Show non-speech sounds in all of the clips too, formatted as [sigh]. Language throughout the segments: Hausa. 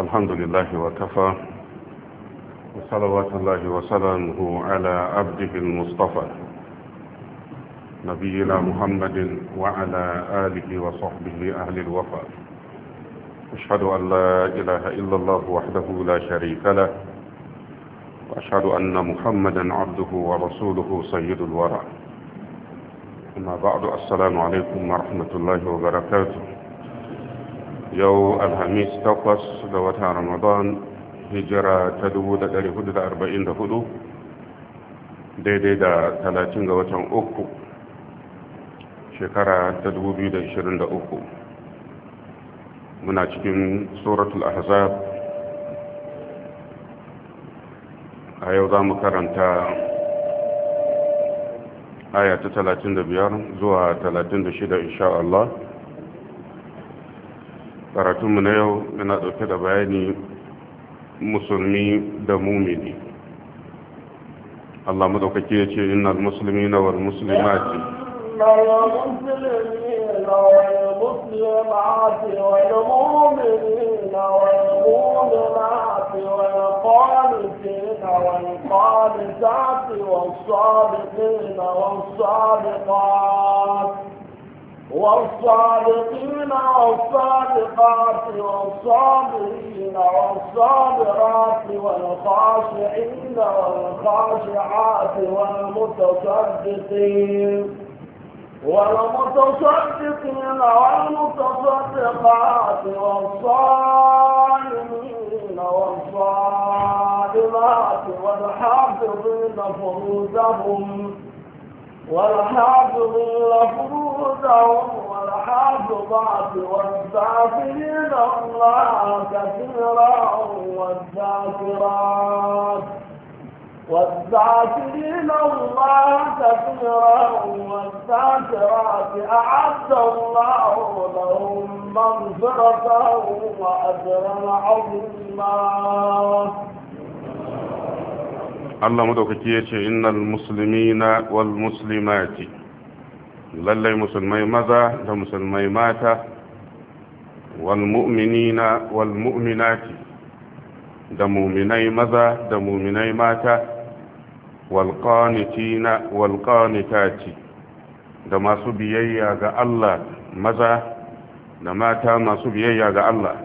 الحمد لله وكفى وصلوات الله وسلامه على عبده المصطفى نبينا محمد وعلى آله وصحبه أهل الوفاء أشهد أن لا إله إلا الله وحده لا شريك له وأشهد أن محمدا عبده ورسوله سيد الورى أما بعد السلام عليكم ورحمة الله وبركاته yau alhamis takwas ga wata ramadan hijira ta 1444 daidai da 30 ga watan uku shekara ta 2023 muna cikin suratul ahzab a yau za mu karanta aya ta 35 zuwa 36 insha Allah karatunmu na yau yana ɗauke da bayani musulmi da mumini Allah madaukake ya ce innal muslimina wal muslimati والمسلمين والمسلمات والقانتين والصادقين والصادقات والصادقين والصادقات والصابرين والصابرات والخاشعين والخاشعات والمتصدقين والمتصدقين والمتصدقات والصائمين والصائمات والحافظين فروجهم والحافظ المفروض والحافظ والحافظات والذاكرين الله كثيرا والذاكرات والذاكرين الله كثيرا والذاكرات أعد الله لهم مغفرة وأجرا عظيما Allah madaukaki ya ce innal na wal muslimati lallai musulmai maza da musulmai mata wal na wal mu'minati da muminai maza da muminai mata wal qanitina wal qanitati da masu biyayya ga Allah maza da mata masu biyayya ga Allah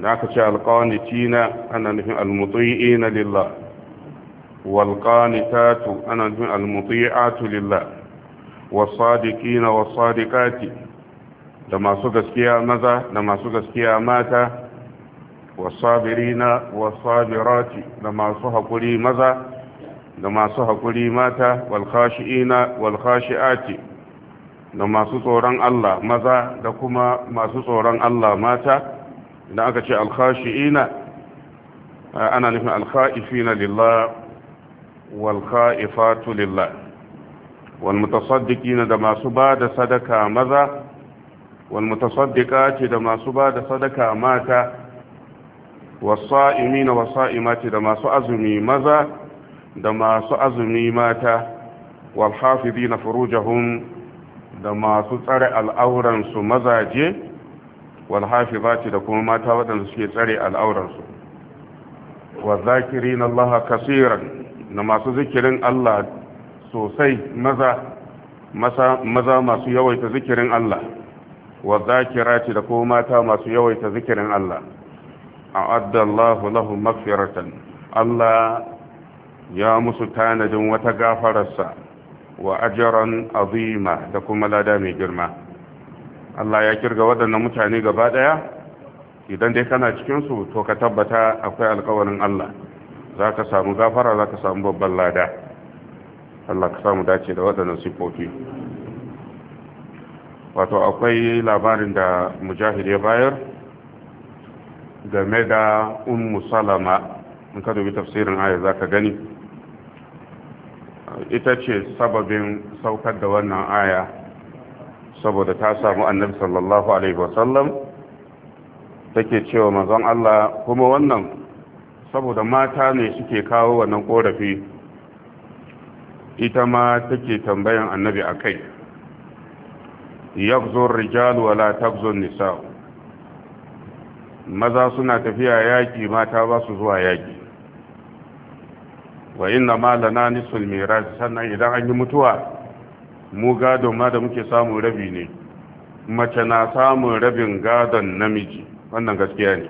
da aka ce alqanitina ana nufin almuti'ina lillah والقانتات أنا المطيعات لله والصادقين والصادقات لما سكسكيا ماذا لما سكسكيا ماتا والصابرين والصابرات لما سحقري ماذا لما سحقري ماتا والخاشئين والخاشئات لما سطوران الله ماذا لكما ما سطوران الله ماتا لأنك الخاشئين أنا نفهم الخائفين لله wal kha'ifatu lillah wal mutasaddiqina da masu ba da sadaka maza wal mutasaddiqati da masu ba da sadaka mata wasa'imina wasa'imati da masu azumi maza da masu azumi mata wal hafizina furujahum da masu tsare al'auransu mazaje wal da kuma mata waɗanda suke tsare al'auransu wa zakirin kasiran na masu zikirin Allah sosai maza maza masu yawaita zikirin Allah wa zakirati da kuma mata masu yawaita zikirin Allah a'adda Allahu lahum maghfiratan Allah ya musu tanadin wata gafararsa wa ajran azima da kuma lada mai girma Allah ya kirga waɗannan mutane gaba daya idan dai kana cikin su to ka tabbata akwai alƙawarin Allah za ka samu gafara za ka samu babban lada Allah ka samu dace da waɗannan sifofi. wato akwai labarin da mujahid ya bayar game da ummu salama in ka dubi tafsirin aya za ka gani ita ce sababin saukar da wannan aya saboda ta samu annabi sallallahu alaihi wasallam take cewa manzon Allah kuma wannan saboda mata ne suke kawo wannan korafi ita ma take tambayan annabi a kai yakzon rijalu wala takzon nisa maza suna tafiya yaƙi mata ba su zuwa yaƙi wa inna ma lana nisul miras sannan idan an yi mutuwa mu gadon ma da muke samun rabi ne mace na samun rabin gadon namiji wannan gaskiya ne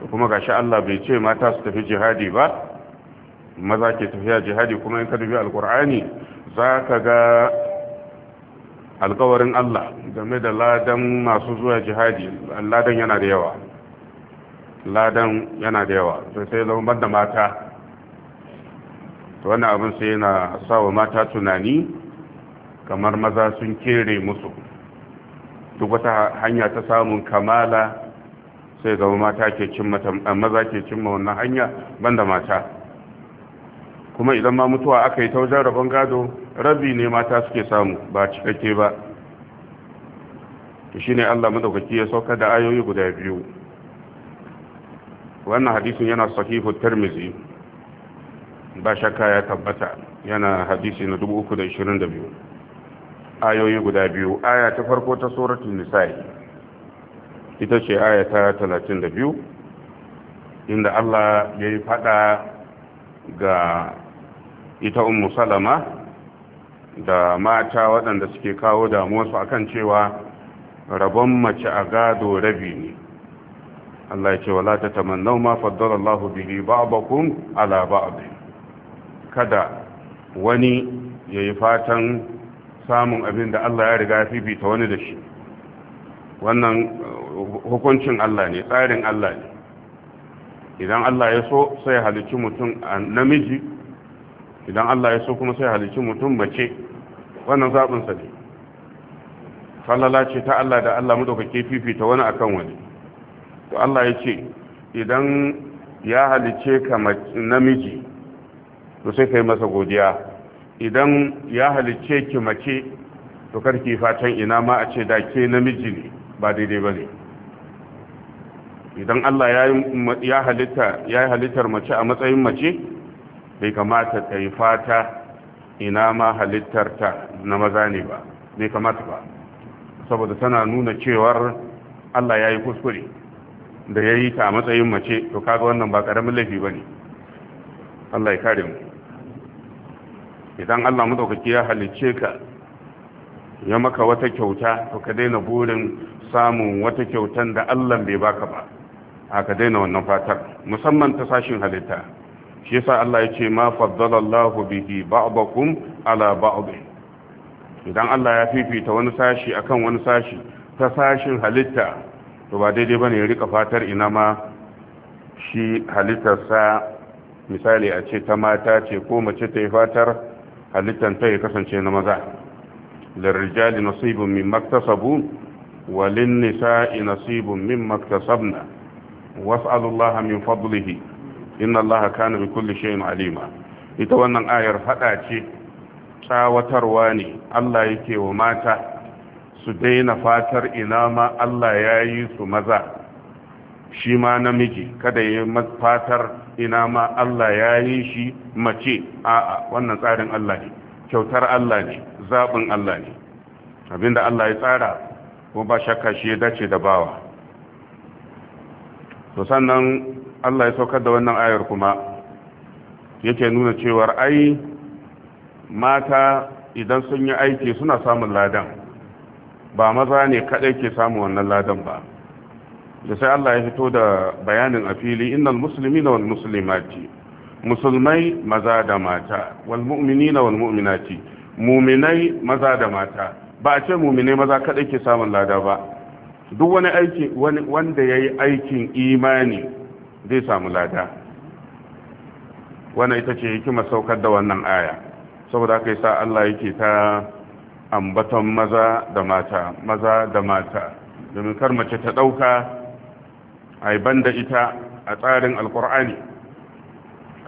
to kuma shi Allah bai ce mata su tafi jihadi ba maza ke tafiya jihadi kuma in ka dubi alkur'ani za ka ga alkawarin Allah game da ladan masu zuwa jihadi ladan yana da yawa ladan yana da yawa Sai sai zama da mata to wannan abin sai yana sawa mata tunani kamar maza sun kere musu duk wata hanya ta samun kamala sai zama mata ke cimma maza ke cimma wannan hanya banda mata kuma idan ma mutuwa aka yi ta wajen rabon gado rabi ne mata suke samu ba cikakke ba to shine Allah madaukaki ya sauka da ayoyi guda biyu wannan hadisin yana sahihu tirmizi ba shakka ya tabbata yana hadisi na 322 ayoyi guda biyu aya ta farko ta suratul nisa'i ita ce ayata biyu, inda Allah ya yi fada ga ita ummu salama da mata waɗanda suke kawo damuwarsu akan cewa rabon mace a gado rabi ne Allah ya ce wala ta tamannau ma biyu ba a bakun ala kada wani ya yi fatan samun abin da Allah ya riga fi ta wani da shi wannan hukuncin Allah ne tsarin Allah ne idan Allah ya so sai halicci mutum a namiji idan Allah ya so kuma sai halicci mutum mace wannan zaɓinsa ne falala ce ta Allah da Allah madaukake fifita wani akan wani to Allah ya ce idan ya halice ka namiji to sai kai masa godiya idan ya halice ki mace to karki fatan ina ma a ce da ke namiji ne ba daidai ba ne idan Allah ya halitta ya halittar mace a matsayin mace bai kamata ta yi fata ina ma halittar ta na maza ne ba bai kamata ba saboda tana nuna cewar Allah ya yi kuskure da ya yi ta a matsayin mace to kaga wannan ba karamin laifi ba ne Allah ya kare mu idan Allah matsaukaki ya halicce ka ya maka wata kyauta to ka daina burin samun wata kyautan da Allah bai baka ba aka daina wannan fatar musamman ta sashin halitta shi yasa Allah ya ce ma faddala Allahu bihi ba'dakum ala ba'd idan Allah ya fifita wani sashi akan wani sashi ta sashin halitta to ba daidai bane ya rika fatar ina ma shi halittarsa misali a ce ta mata ce ko mace ta yi fatar halittar ta ya kasance na maza للرجال نصيب مما اكتسبوا وللنساء نصيب مما اكتسبنا Wasu واسأل الله من فضله إن الله كان alima Ita wannan ayar آير ce tsawatarwa ne Allah yake wa mata su daina fatar ina ma Allah ya yi su maza shi ma namiji kada yi fatar ina ma Allah ya yi shi mace a'a wannan tsarin Allah ne kyautar Allah ne zaɓin Allah ne abinda Allah ya tsara ko ba shakka shi ya dace da bawa to sannan Allah ya saukar da wannan ayar kuma yake nuna cewar ai mata idan sun yi aiki suna samun ladan ba maza ne kadai ke samun wannan ladan ba da sai Allah ya fito da bayanin a fili innal muslimina wal muslimati musulmai maza da mata wal mu'minina wal mu'minati muminai maza da mata ba a ce muminai maza kadai ke samun lada ba duk wani aiki wanda ya yi aikin imani zai samu lada wani ita ce hikimar saukar da wannan aya saboda haka sa Allah yake ta ambaton maza da mata maza da mata domin kar mace ta dauka yi banda ita a tsarin alkur'ani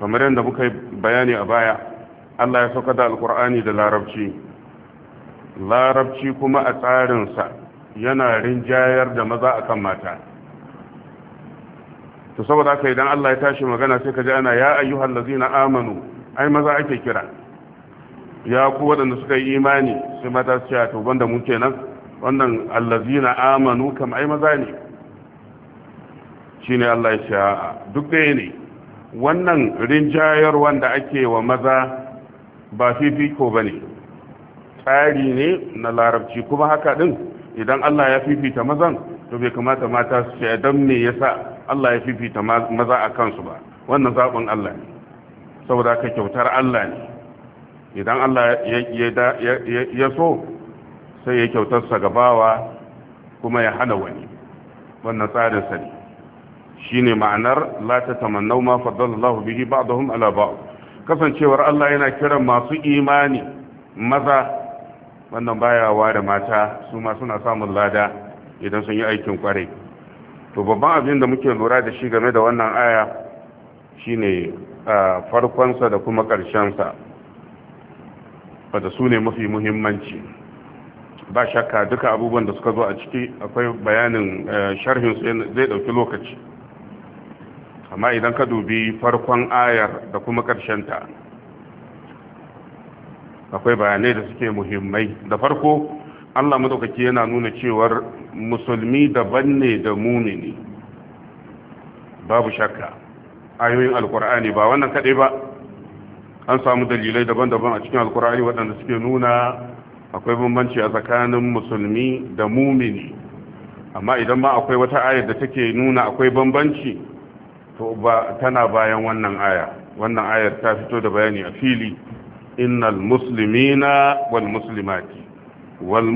kamar yadda muka yi bayani a baya Allah ya saukar da alkur'ani da larabci larabci kuma a tsarinsa yana rinjayar da maza a kan mata to saboda haka idan Allah ya tashi magana sai ka ji ana ya ayyuhal ladzina amanu ai maza ake kira ya ku waɗanda suka yi imani sai mata su ce to banda mu kenan wannan allazina amanu kam ai maza ne shine Allah ya sha duk ɗaya ne wannan rinjayar wanda ake wa maza ba fifiko bane tsari ne na larabci kuma haka din idan Allah ya fifita mazan to bai kamata mata su ce dan me yasa Allah ya fifita maza a kansu ba wannan zaɓin Allah ne saboda ka kyautar Allah ne idan Allah ya so sai ya kyautarsa gabawa kuma ya hana wani wannan tsarinsa ne shi ne ma'anar lati tamannau ma bihi ba'dahum ala ba'd kasancewar Allah yana kiran masu imani maza wannan bayawa da mata su ma suna samun lada idan sun yi aikin kwarai to babban abin da muke lura da shi game da wannan aya shine farkonsa da kuma ƙarshensa wadda su ne mafi muhimmanci ba shakka duka abubuwan da suka zo a ciki akwai bayanin eh, sharhinsu zai ɗauki lokaci amma idan ka dubi farkon ayar da kuma ƙarshenta akwai bayanai da suke muhimmai da farko Allah madaukaki yana nuna cewar musulmi daban ne da mumini babu shakka ayoyin alkur'ani ba wannan kaɗai ba an samu dalilai daban-daban a cikin alkur'ani waɗanda suke nuna akwai bambanci a tsakanin musulmi da mumini amma idan ma akwai wata ayar da take nuna akwai bambanci to ba tana bayan wannan aya wannan ayar ta fito da bayani a fili innal muslimina wal muslimati wal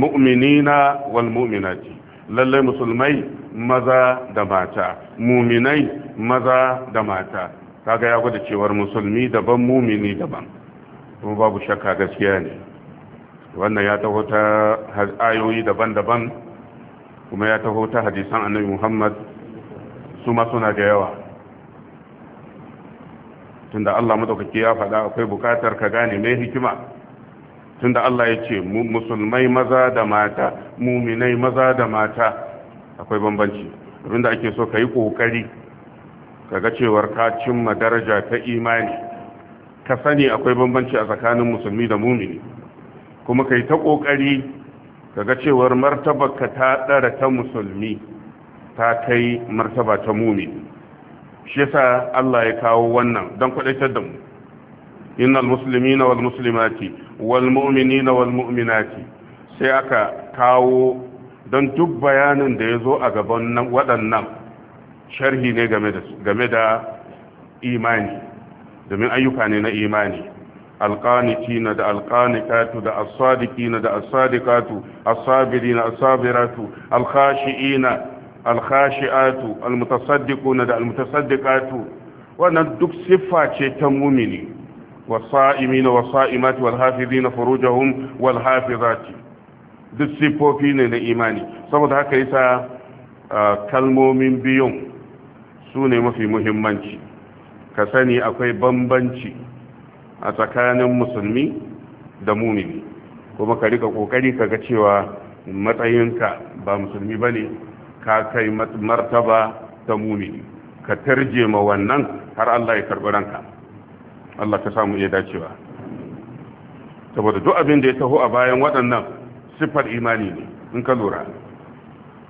lallai musulmai maza da mata muminai maza da mata kaga ya gwada cewar musulmi daban mumini daban kuma babu shakka gaskiya ne wannan ya taho ta ayoyi daban-daban kuma ya taho ta hadisan annabi muhammad su ma suna da yawa tunda Allah madaukaki ya faɗa akwai bukatar ka gane mai hikima tunda Allah ya ce musulmai maza da mata muminai maza da mata akwai bambanci abinda ake so ka yi ƙoƙari kaga cewar ka cimma daraja ta imani ka sani akwai bambanci a tsakanin musulmi da mumini kuma ka yi ta ƙoƙari kaga cewar martabarka ta ɗara ta musulmi ta kai martaba ta mumini shi yasa Allah ya kawo wannan don kwadaitar da mu innal muslimina wal muslimati wal mu'minina wal mu'minati sai aka kawo don duk bayanin da ya zo a gaban nan waɗannan sharhi ne game da imani domin ayyuka ne na imani alƙanitina da alƙanikatu da asadikina da asadikatu asabirina asabiratu alkhashi'ina alkhashi'atu almutasaddiquna da almutasaddiqatu wannan duk siffa ce ta mumini wasa'imina wasa'imati walhafizina furujahum walhafizati duk siffofi ne na imani saboda haka yasa kalmomin biyun su ne mafi muhimmanci ka sani akwai bambanci a tsakanin musulmi da mumini kuma ka rika kokari kaga cewa matsayinka ba musulmi bane ka kai martaba ta mumini ka tarje ma wannan har Allah ya karɓi ranka Allah ka samu iya dacewa saboda duk abin da ya taho a bayan waɗannan siffar imani ne in ka lura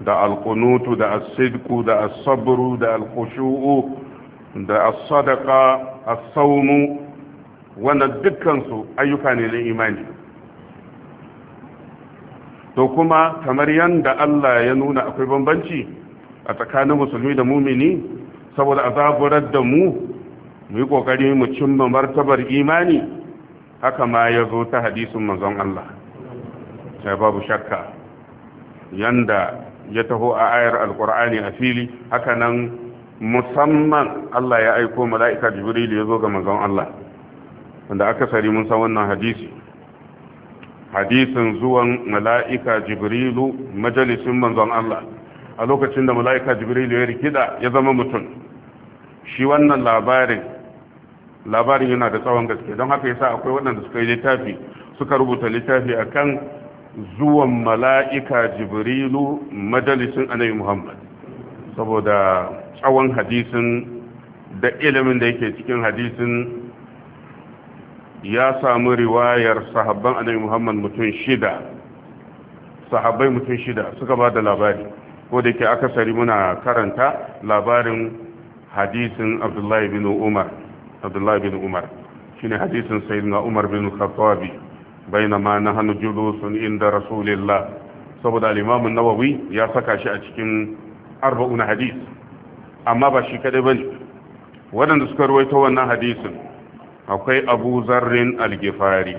da alkunutu da asidku da asabru da alkushu'u da asadaka asaunu wannan dukkansu ayyuka ne na imani to kuma kamar yanda Allah ya nuna akwai bambanci a tsakanin musulmi da mumini saboda a zagurar da mu mu yi kokari mu cimma martabar imani haka ma ya zo ta hadisin mazan Allah sai babu shakka yanda ya taho a ayar alkur'ani a fili haka nan musamman Allah ya aiko mala'ika jibril ya zo ga mazan Allah wanda aka sari mun san wannan hadisi hadisin zuwan mala'ika jibrilu majalisin manzon Allah a lokacin da mala'ika jibrilu ya rikida ya zama mutum shi wannan labarin labarin yana da tsawon gaske don haka yasa akwai waɗanda suka yi littafi suka rubuta littafi kan zuwan mala'ika jibrilu majalisin annabi muhammad saboda tsawon hadisin da ilimin da yake cikin hadisin ya samu riwayar sahabban annabi Muhammad mutum shida sahabbai mutum shida suka ba da labari ko da ke akasari muna karanta labarin hadisin Abdullahi bin Umar Abdullahi bin Umar shine hadisin sayyidina Umar bin Khattab bainama nahnu julusun inda rasulillah saboda al-Imam an-Nawawi ya saka shi a cikin 40 hadis amma ba shi kadai bane waɗanda suka ruwaito wannan hadisin akwai abu zarrin algifari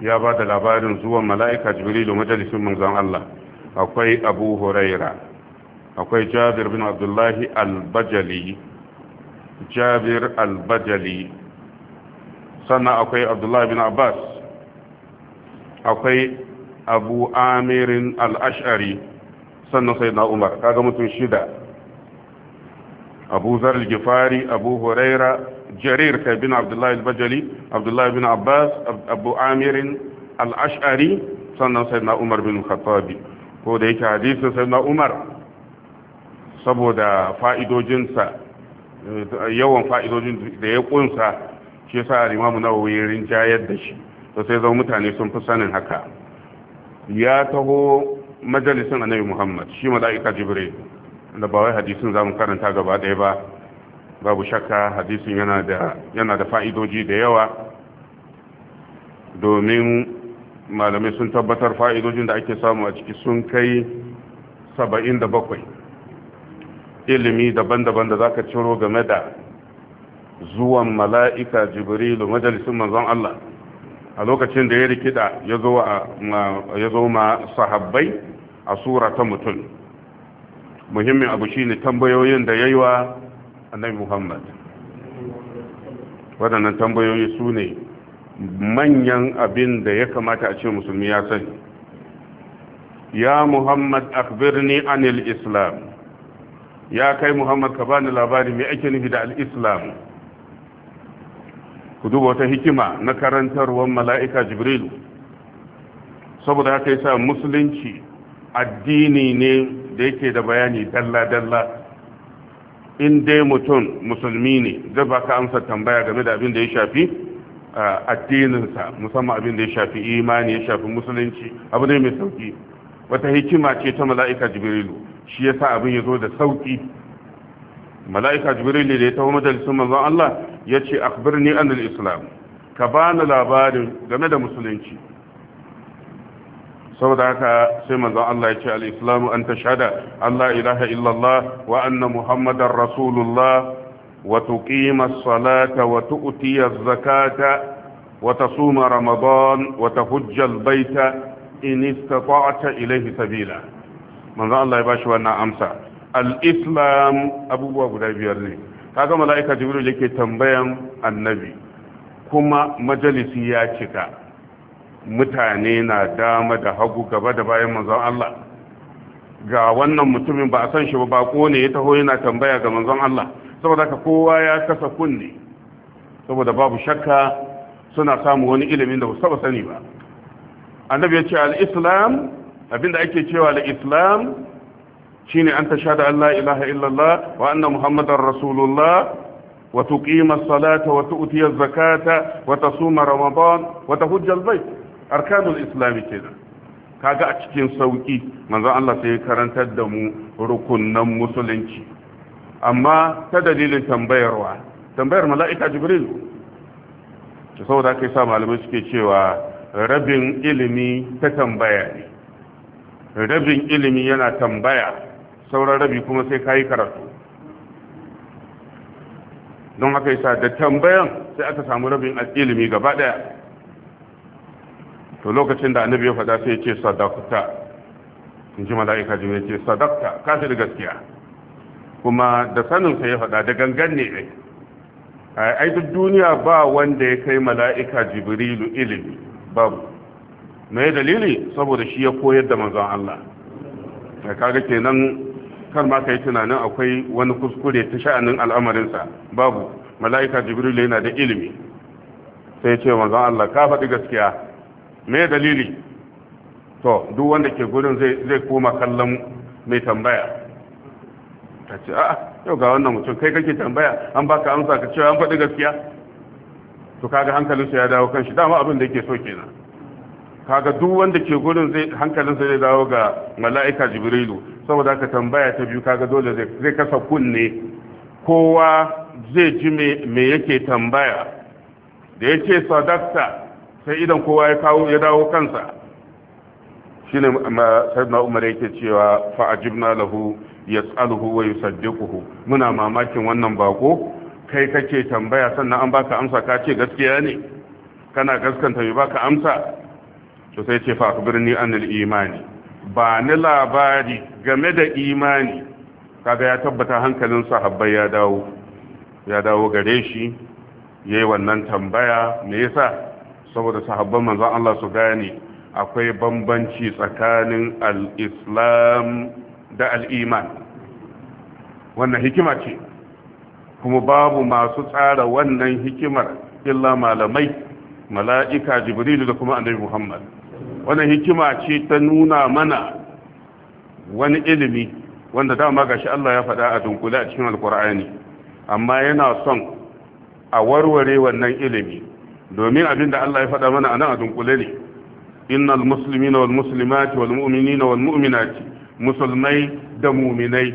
ya ba da labarin zuwa mala'ika jibrilu majalisun manzan Allah akwai abu huraira akwai jabir bin abdullahi albajali jabir albajali sannan akwai abdullahi bin abbas akwai abu amirin al'ashari sannan sai na umar kaga mutum shida abu zarar gifari abu huraira jarir kai bin abdullahi al-bajali abdullahi bin abbas abu amirin al-ash'ari sannan sai umar bin khattabi ko da yake hadisin sai umar saboda fa'idojinsa eh, yawan fa'idojin da ya kunsa shi yasa al-imamu nawawi ya rinjayar da shi to sai zama mutane sun fi sanin haka ya taho majalisin annabi muhammad shi mala'ika jibril da ba hadisin zamu karanta gaba ɗaya ba babu shakka hadisin yana da fa'idoji da yawa domin malamai sun tabbatar fa'idojin da ake samu a ciki sun kai saba'in da bakwai ilimi daban-daban da za ka ciro game da zuwan mala'ika jibrilu majalisun manzon Allah a lokacin da ya rikida ya zo ma sahabbai a ta mutum muhimmin abu shine tambayoyin da ya yi wa annabi muhammad waɗannan tambayoyi su ne manyan abin da ya kamata a ce musulmi ya sani ya muhammad akbirni anil islam ya kai muhammad ka bani labari mai ake nufi da al'islam ku duba wata hikima na karantarwar mala'ika jibril saboda haka yasa musulunci addini ne da yake da bayani dalla-dalla in dai mutum musulmi ne zai ka amsa tambaya game da abin da ya shafi addininsa musamman abin da ya shafi imani ya shafi musulunci abu ne mai sauki wata hikima ce ta mala'ika jibrilu shi yasa abin ya zo da sauki mala'ika jibrilu da ya taho majalisun manzon Allah ya ce akbirni anil islam ka bani labarin game da musulunci saboda haka sai manzon Allah ya ce al-islamu an tashhada Allah ilaha illallah wa anna muhammadar rasulullah wa tuqima as-salata wa tu'ti az-zakata wa tasuma ramadan wa tahujja al-baita in istata'ta ilayhi sabila manzon Allah ya bashi wannan amsa al-islam abubuwa guda biyar ne kaga malaika jibril yake tambayan annabi kuma majalisi ya cika mutane na dama da hagu gaba da bayan manzon Allah ga wannan mutumin ba a san shi ba bako ne ya taho yana tambaya ga manzon Allah saboda ka kowa ya kasa kunne saboda babu shakka suna samu wani ilimin da ba sani ba annabi ya ce al-islam abinda ake cewa al-islam shine an tashhadu an ilaha illallah wa anna muhammadar rasulullah wa tuqima as-salata wa tu'ti az-zakata wa tasuma ramadan wa tahujja al-bayt arkanul islami kenan kaga a cikin sauki manzon Allah sai ya karantar da mu rukunnan musulunci amma ta dalilin tambayarwa tambayar mala'ika jibril to saboda kai sa malamai suke cewa rabin ilimi ta tambaya ne rabin ilimi yana tambaya sauran rabi kuma sai kayi karatu don haka yasa da tambayan sai aka samu rabin ilimi gaba daya to lokacin da annabi ya faɗa sai ya ce sadakta in ji mala'ika jibril ya ce sadakta ka da gaskiya kuma da saninsa ya faɗa da gangan ne ai ai duk duniya ba wanda ya kai mala'ika jibrilu ilimi babu mai dalili saboda shi ya koyar da manzon Allah da kaga kenan kar ma kai tunanin akwai wani kuskure ta sha'anin al'amarin sa, babu mala'ika jibrilu yana da ilimi sai ce manzon Allah ka faɗi gaskiya me dalili to duk wanda ke gurin zai koma kallon mai tambaya ta ce a'a yau ga wannan mutum kai kake tambaya an baka amsa ka cewa an faɗi gaskiya to kaga hankalinsa ya dawo kan shi dama abin da yake so kenan kaga duk wanda ke gurin zai hankalinsa zai dawo ga mala'ika jibrilu saboda ka tambaya ta biyu kaga dole zai kasa kunne kowa zai ji me yake tambaya da yake sadakta sai idan kowa ya kawo ya dawo kansa shine sayyidina umar yake cewa fa ajibna lahu yas'aluhu wa yusaddiquhu muna mamakin wannan bako kai kake tambaya sannan an baka amsa ka ce gaskiya ne kana gaskanta mai baka amsa to sai ce fa birni anil imani ba ni labari game da imani kaga ya tabbata hankalin sahabbai ya dawo ya dawo gare shi yayi wannan tambaya me yasa saboda sahabban manzan Allah su gane akwai bambanci tsakanin al-islam da al-iman wannan hikima ce kuma babu masu tsara wannan hikimar illa malamai mala'ika jibrilu da kuma annabi muhammad wannan hikima ce ta nuna mana wani ilimi wanda dama gashi Allah ya faɗa a dunkule a cikin alkur'ani amma yana son a warware wannan ilimi domin abin da Allah ya faɗa mana a nan a dunkule ne innal muslimina wal muslimati wal na wal mu'minati musulmai da mu'minai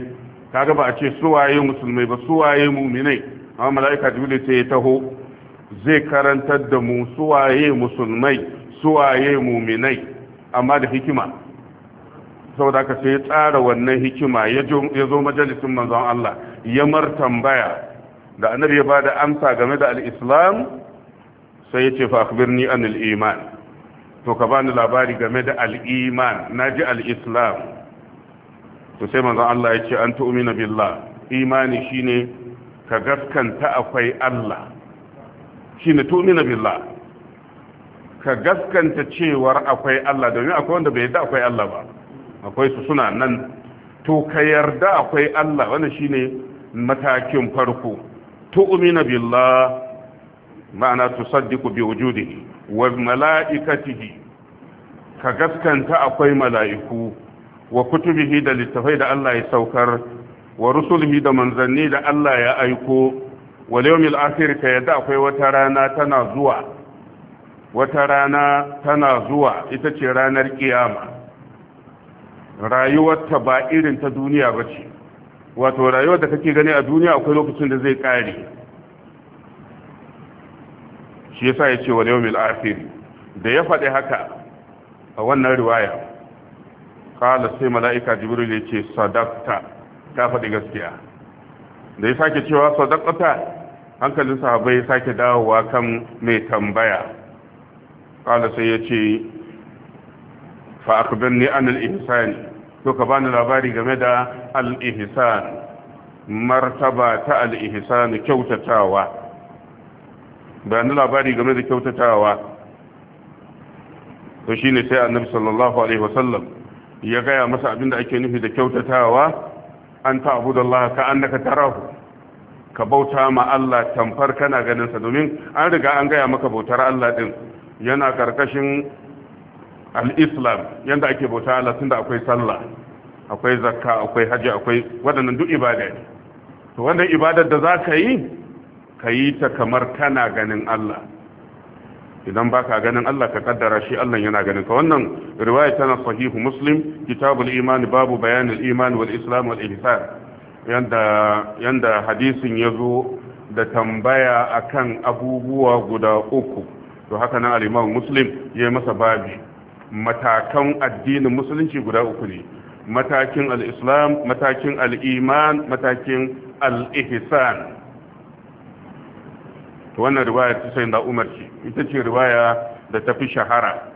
kaga ba a ce suwaye musulmai ba suwaye mu'minai amma mala'ika jibril sai ya taho zai karantar da mu suwaye musulmai suwaye mu'minai amma da hikima saboda ka sai ya tsara wannan hikima ya zo majalisin manzon Allah ya martambaya da annabi ya bada amsa game da al-islam sai ya ce fa akhbirni anil iman to ka bani labari game da al'iman na ji al to sai manzon Allah ya ce an tu'mina billah imani shi ne ka gaskanta akwai Allah shi ne shine tu'mina billah ka gaskanta cewar akwai Allah domin akwai wanda bai yarda akwai Allah ba akwai su suna nan to ka yarda akwai Allah shi ne matakin farko tu'mina billah ma'ana tusaddiqu bi wujudihi wa mala'ikatihi ka gaskanta akwai mala'iku wa kutubihi da littafai da Allah ya saukar wa rusulihi da manzanni da Allah ya aiko wa yawmil akhir ka yadda akwai wata rana tana zuwa wata rana tana zuwa ita ce ranar kiyama rayuwarta ba irin ta duniya bace wato rayuwar da kake gani a duniya akwai lokacin da zai kare shi yasa ya ce wani yawon akhir da ya faɗi haka a wannan riwaya kala sai mala'ika jibril ya ce sadakta ta faɗi gaskiya da ya sake cewa sadakta hankalin sahabai ya sake dawowa kan mai tambaya kala sai ya ce fa ni an al to ka bani labari game da al martaba ta al kyautatawa ba labari game da kyautatawa to shine sai annabi sallallahu alaihi wasallam ya gaya masa abin da ake nufi da kyautatawa an Allah ka annaka tarahu ka bauta ma Allah tamfar kana ganin domin an riga an gaya maka bautar Allah din yana karkashin al-islam yanda ake bauta Allah da akwai sallah akwai zakka akwai haji akwai waɗannan duk ibada to wannan ibadar da za ka yi ka yi ta kamar kana ganin Allah idan baka ganin Allah ka kaddara shi Allah yana ganin ka wannan riwaya tana sahihu muslim kitabul iman babu bayan iman wal islam wal ihsan yanda yanda hadisin yazo da tambaya akan abubuwa guda uku to haka nan al-imam muslim ya masa babi matakan addinin musulunci guda uku ne matakin al-islam matakin al-iman matakin al-ihsan to wannan riwaya ta sai da umar ce ita ce riwaya da ta fi shahara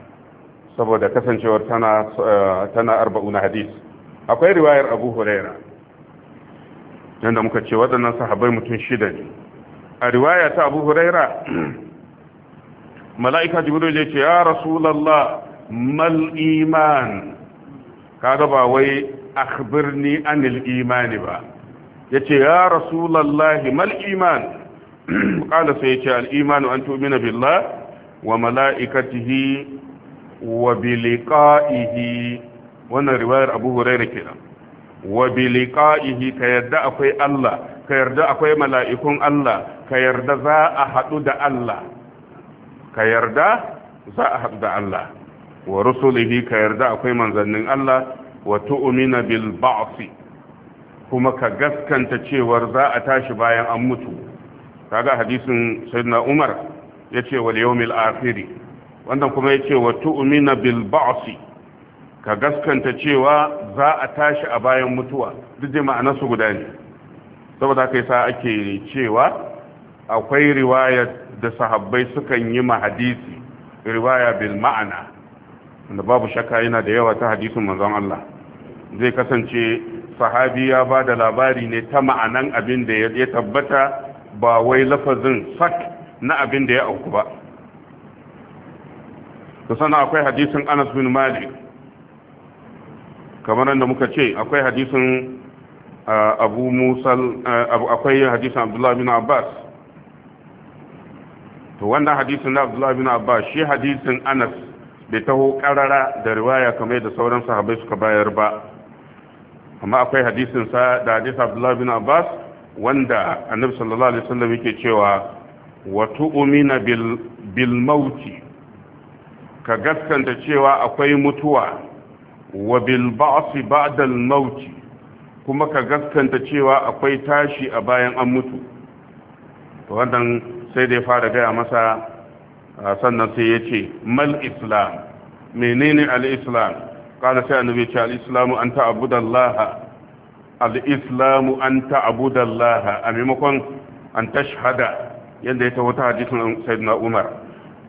saboda kasancewar tana eh, tana arba'una hadis akwai riwayar abu huraira yadda muka ce waɗannan sahabbai mutum shida ne a riwaya ta abu huraira mala'ika jibril ya ce ya rasulallah mal iman kaga ba wai akhbirni anil imani ba yace ya rasulullahi mal iman qala sai yace al-imanu an tu'mina billah wa mala'ikatihi wa bi wannan riwayar Abu ke kenan wa bi ka yarda akwai Allah ka yarda akwai mala'ikun Allah ka yarda za a haɗu da Allah ka yarda za a haɗu da Allah wa rusulihi ka yarda akwai manzannin Allah wa tu'mina bil ba'si kuma ka gaskanta cewar za a tashi bayan an mutu kaga hadisin sayyidina umar yace wal yawmil akhir wannan kuma yace wa tu'mina bil ba's ka gaskanta cewa za a tashi a bayan mutuwa duk da ma'anar su guda ne saboda kai sa ake cewa akwai riwaya da sahabbai sukan yi ma hadisi riwaya bil ma'ana wanda babu shakka yana da yawa ta hadisin manzon Allah zai kasance sahabi ya bada labari ne ta ma'anan abin da ya tabbata ba wai lafazin sak na abin da ya auku ba da sana akwai hadisin anas bin malik kamar da muka ce akwai hadisin abu musal akwai hadisin abdullahi bin abbas to wannan hadisin na abdullahi bin abbas shi hadisin anas bai taho karara da riwaya kamar da sauran sahabai suka bayar ba amma akwai hadisin sa da hadisin abdullahi bin abbas wanda annabi sallallahu alaihi wasallam yake cewa wa tu'mina bil bil mauti ka gaskanta cewa akwai mutuwa wa bil ba'si ba'da al mauti kuma ka gaskanta cewa akwai tashi a bayan an mutu to wannan sai dai fara gaya masa sannan sai ya ce mal islam menene al islam kana sai annabi ce al islamu an ta'budallaha Al'islamu islamu an ta'budallaha a maimakon an tashhada yadda ya tawata hadisin sayyidina Umar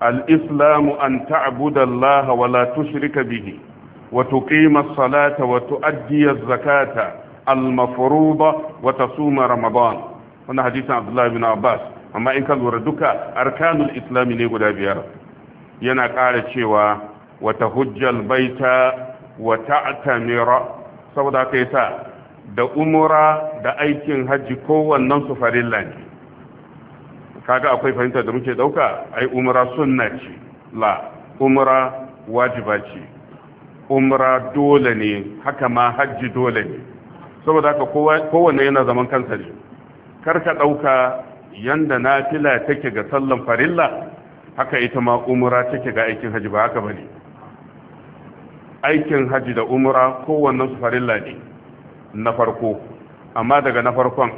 al'islamu an ta'budallaha wa la bihi wa tuqima salata wa adiyar zakata al-mafruḍa wa ramadan wannan hadisin Abdullah Abbas amma in ka lura duka arkanul islami ne guda biyar yana ƙara cewa wata hujjal baita wata ta'tamira saboda yi yasa da umura da aikin hajji kowannan su farilla ne kaga akwai fahimta da muke dauka ai umura sunna ce la umura wajiba ce umura dole ne haka ma hajji dole ne saboda haka kowanne yana zaman kansa ne kar ka dauka yanda nafila take ga sallan farilla haka ita ma umura take ga aikin hajji ba haka bane aikin hajji da umura kowannan su farilla ne na farko amma daga na farkon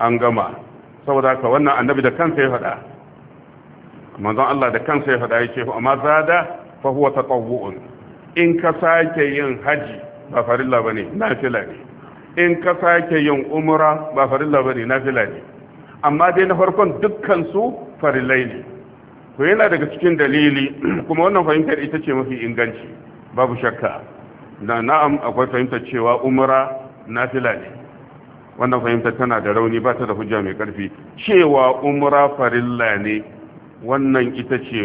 an gama saboda haka wannan annabi da kansa ya faɗa manzon Allah da kansa ya faɗa yake amma zada fa huwa taqawwun in ka sake yin haji ba farilla bane nafila ne in ka sake yin umra ba farilla bane nafila ne amma dai na farkon dukkan su farillai ne to yana daga cikin dalili [clears throat] kuma wannan fahimtar ita ce mafi inganci babu shakka na na'am akwai fahimtar cewa umra nafila ne wannan fahimtar tana da rauni ba ta da hujja mai karfi cewa umra farilla ne wannan ita ce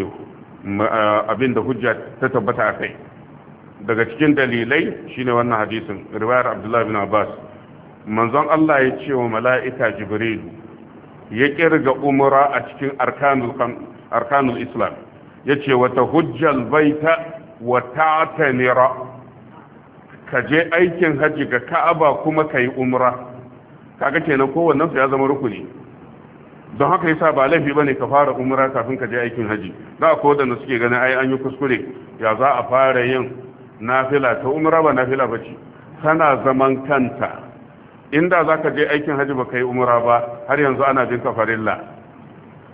abin da hujja ta tabbata a kai daga cikin dalilai shine wannan hadisin riwayar abdullahi bin abbas manzon allah ya ce wa mala'ika jibrilu ya kirga umra a cikin arkanul islam ya ce wata hujjal baita wa ta'tanira ka je aikin hajji ga ka'aba kuma ka yi umra kaga kenan kowannen su ya zama rukuni don haka yasa ba laifi ne ka fara umra kafin ka je aikin hajji za ko da suke ganin ai an yi kuskure ya za a fara yin nafila ta umra ba nafila ba ce tana zaman kanta inda za ka je aikin hajji ba ka yi umra ba har yanzu ana bin ka farilla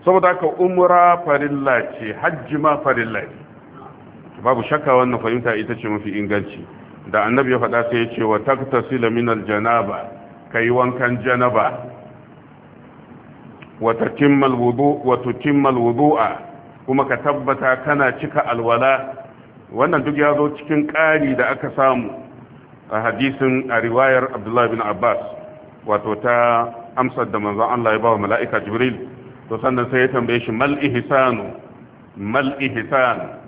saboda ka umra farilla ce hajji ma farilla ce babu shakka wannan fahimta ita ce mafi inganci da annabi ya faɗa sai ya ce wa taktasila min aljanaba kai wankan janaba wa tatimma alwudu wa tutimma alwudu'a kuma ka tabbata kana cika alwala wannan duk ya zo cikin ƙari da aka samu a hadisin a riwayar Abdullah bin Abbas wato ta amsar da manzon Allah ya ba wa mala'ika Jibril to sannan sai ya tambaye shi mal ihsanu mal ihsanu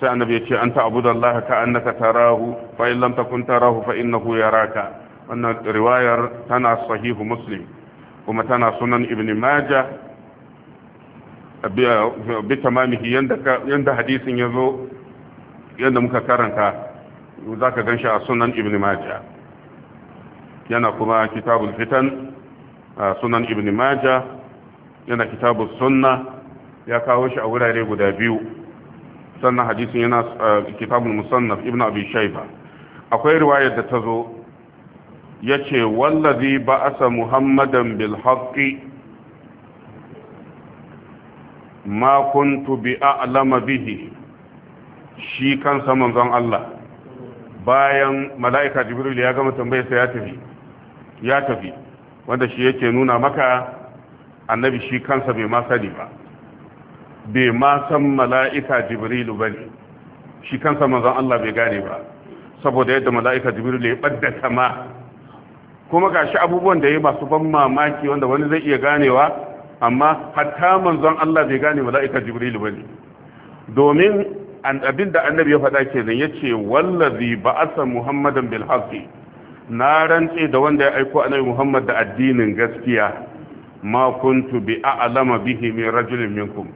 sai annabi ya ce an ta'budallaha ka annaka tarahu fa in lam takun tarahu fa innahu yaraka wannan riwayar tana sahihu muslim kuma tana sunan ibn majah bi tamamihi yanda yanda hadisin yazo yanda muka karanta zaka ganshi a sunan ibn majah yana kuma kitabul fitan sunan ibn majah yana kitabus sunna ya kawo shi a wurare guda biyu sannan hadisin yana kitabul musannaf ibnu abi shayba akwai riwayar da ta zo yace wallazi ba'asa muhammadan bil haqqi ma kuntu bi a'lama bihi shi kansa manzon Allah bayan mala'ika jibril ya gama tambayar sa ya tafi ya tafi wanda shi yake nuna maka annabi shi kansa bai ma sani ba bai ma san mala'ika jibrilu ba ne shi kansa manzon Allah bai gane ba saboda yadda mala'ika jibrilu ya ɓaddata ma kuma ga shi abubuwan da ya masu ban mamaki wanda wani zai iya ganewa amma hatta manzon Allah bai gane mala'ika jibrilu ba ne domin abin da annabi ya faɗa kenan ya ce wallazi ba'asa muhammadan Bilhafi na rantse da wanda ya aiko annabi muhammad da addinin gaskiya ma kuntu bi a'lama bihi min rajulin minkum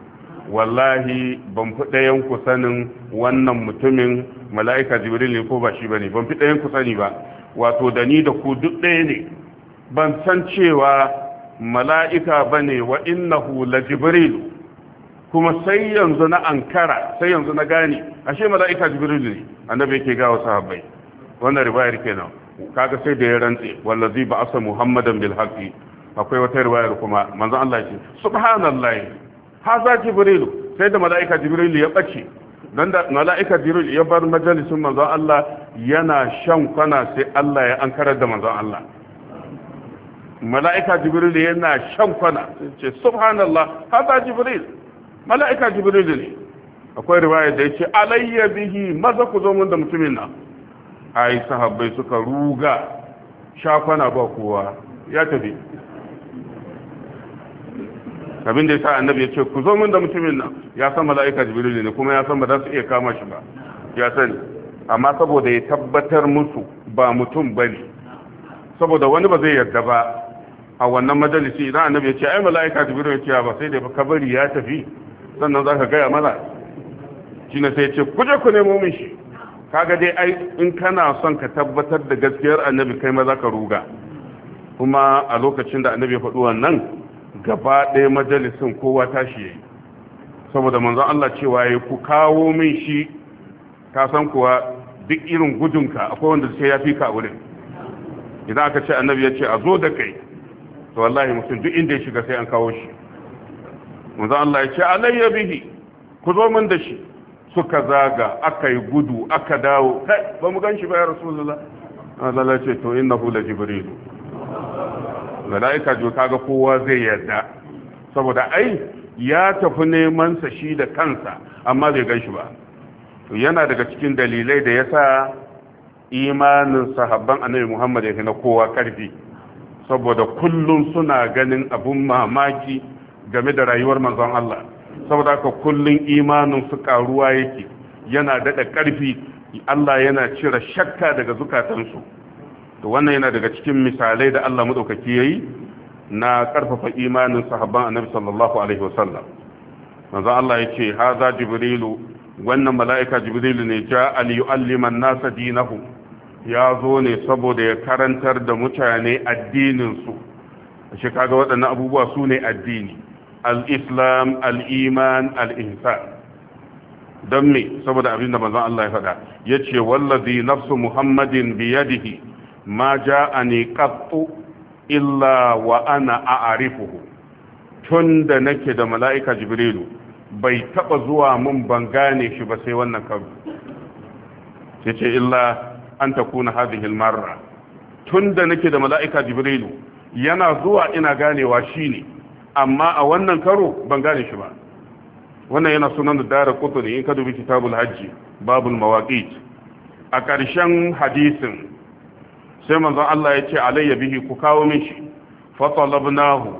wallahi ban fi ɗayan ku sanin wannan mutumin mala'ika jibril ne ko ba shi ne ban fi ɗayan ku sani ba wato da ni da ku duk ɗaya ne ban san cewa mala'ika bane wa innahu la jibril kuma sai yanzu na ankara sai yanzu na gane ashe mala'ika jibril ne annabi yake gawa sahabbai wannan riwayar kenan kaga sai da ya rantse wallazi ba asa muhammadan bil akwai wata riwayar kuma manzon Allah ya ce subhanallahi haza jibril sai da mala'ika jibril ya bace dan da mala'ika jibril ya bar majalisin manzon Allah yana shan kwana sai Allah ya ankarar da manzon Allah mala'ika jibril yana shan kwana ce subhanallah haza jibril mala'ika jibril ne akwai riwaya da yake alayya bihi maza ku zo mun da mutumin nan ai sahabbai suka ruga sha kwana ba kowa ya tafi abin da ya sa annabi ya ce ku zo min da mutumin nan ya san mala'ika jibril ne kuma ya san ba za su iya kama shi ba ya sani amma saboda ya tabbatar musu ba mutum bane saboda wani ba zai yarda ba a wannan majalisi idan annabi ya ce ai mala'ika jibril ya ce ba sai da kabari ya tafi sannan zaka gaya mana ne sai ya ce ku je ku nemo min shi kaga dai ai in kana son ka tabbatar da gaskiyar annabi kai ma zaka ruga kuma a lokacin da annabi ya faɗi wannan gaba ɗaya majalisin kowa tashi yayi saboda manzo Allah cewa ya ku kawo min shi ka san kuwa duk irin gudunka akwai wanda sai ya fi ka wurin idan aka ce annabi ya ce a zo da kai to wallahi mutum duk inda ya shiga sai an kawo shi manzo Allah ya ce alayya bihi ku zo min da shi suka zaga aka yi gudu aka dawo kai ba mu ganshi ba ya rasulullah Allah ya ce to innahu la jibril mala'ika jo kaga kowa zai yarda saboda ai ya tafi neman sa shi da kansa amma bai gan shi ba yana daga cikin dalilai da ya sa imanin sahabban annabi Muhammad ya na kowa karfi saboda kullum suna ganin abun mamaki game da rayuwar manzon Allah saboda haka kullum imanin su karuwa yake yana daɗa karfi Allah yana cire shakka daga zukatansu to wannan yana daga cikin misalai da Allah ya yi na karfafa imanin sahabban annabi sallallahu alaihi wasallam manzo Allah yace haza jibrilu wannan mala'ika jibrilu ne ja al yu'allima an-nasa dinahu ya zo ne saboda ya karantar da mutane addininsu shi kaga waɗannan abubuwa su ne addini al-islam al-iman al-ihsan don me saboda abin da Allah ya faɗa yace ce wallazi nafsu muhammadin biyadihi ma ja'ani qattu illa wa ana a'rifuhu tun da nake da mala'ika jibrilu bai taɓa zuwa mun ban gane shi ba sai wannan karo yace illa an takuna hadhihi almarra tun da nake da mala'ika jibrilu yana zuwa ina ganewa shine amma a wannan karo ban gane shi ba wannan yana sunan da dara kutuni in ka dubi kitabul hajji babul mawaqit a ƙarshen hadisin sai manzon Allah ya ce alayya bihi ku kawo min shi fa talabnahu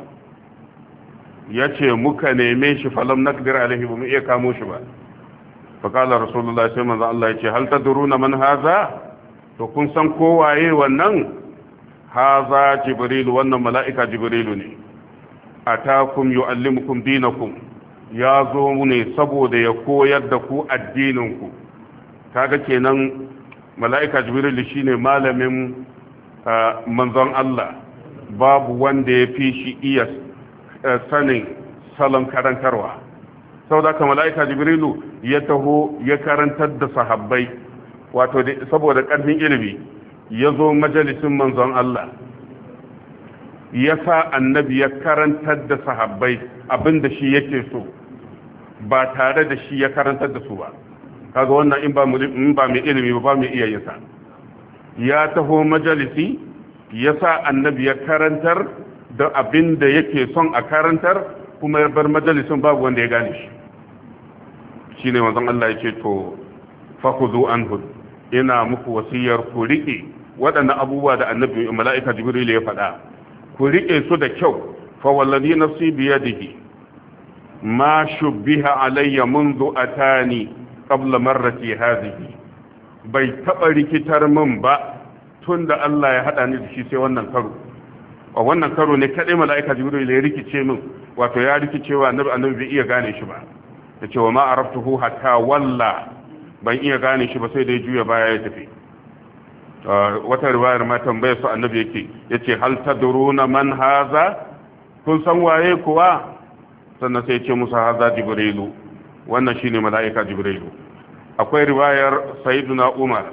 ya ce muka neme shi falam nakdir alaihi bamu iya kamo shi ba fa kala rasulullahi sai manzon Allah ya ce hal tadruna man haza to kun san kowaye wannan haza jibril wannan mala'ika jibrilu ne atakum yuallimukum dinakum ya zo ne saboda ya koyar da ku addininku kaga kenan mala'ika jibril shine malamin manzon Allah babu wanda ya fi shi iya eh, sanin salon karantarwa sau da mala'ika jibrilu ya taho ya karantar da sahabbai wato saboda ƙarfin ilimi ya zo majalisin manzon Allah ya sa annabi ya karantar da sahabbai abinda shi yake so ba tare da shi ya karantar da su ba kaga wannan in ba mai ilimi ba mai iya ya taho majalisi ya sa annabi ya karantar da abin da yake son a karantar kuma ya bar majalisin babu wanda ya gane shi shi ne wanzan Allah ya ce to fakuzu an hud ina muku wasiyar ku riƙe waɗannan abubuwa da annabi mala'ika jibril ya faɗa ku riƙe su da kyau fa wallazi nafsi biyadihi ma shubbiha alayya منذ atani قبل ke هذه bai taɓa rikitar min ba tun da Allah ya haɗa ni da shi sai wannan karo a wannan karo ne kaɗai mala'ika jibril ya rikice min wato ya rikice wa annabi annabi bai iya gane shi ba ya ce wa ma araftuhu hatta walla ban iya gane shi ba sai da ya juya baya ya tafi wata riwayar ma tambaya su annabi yake yace hal tadruna man haza kun san waye kuwa sannan sai ya ce musa haza jibrilu wannan shine mala'ika jibrilu akwai riwayar sayyiduna umar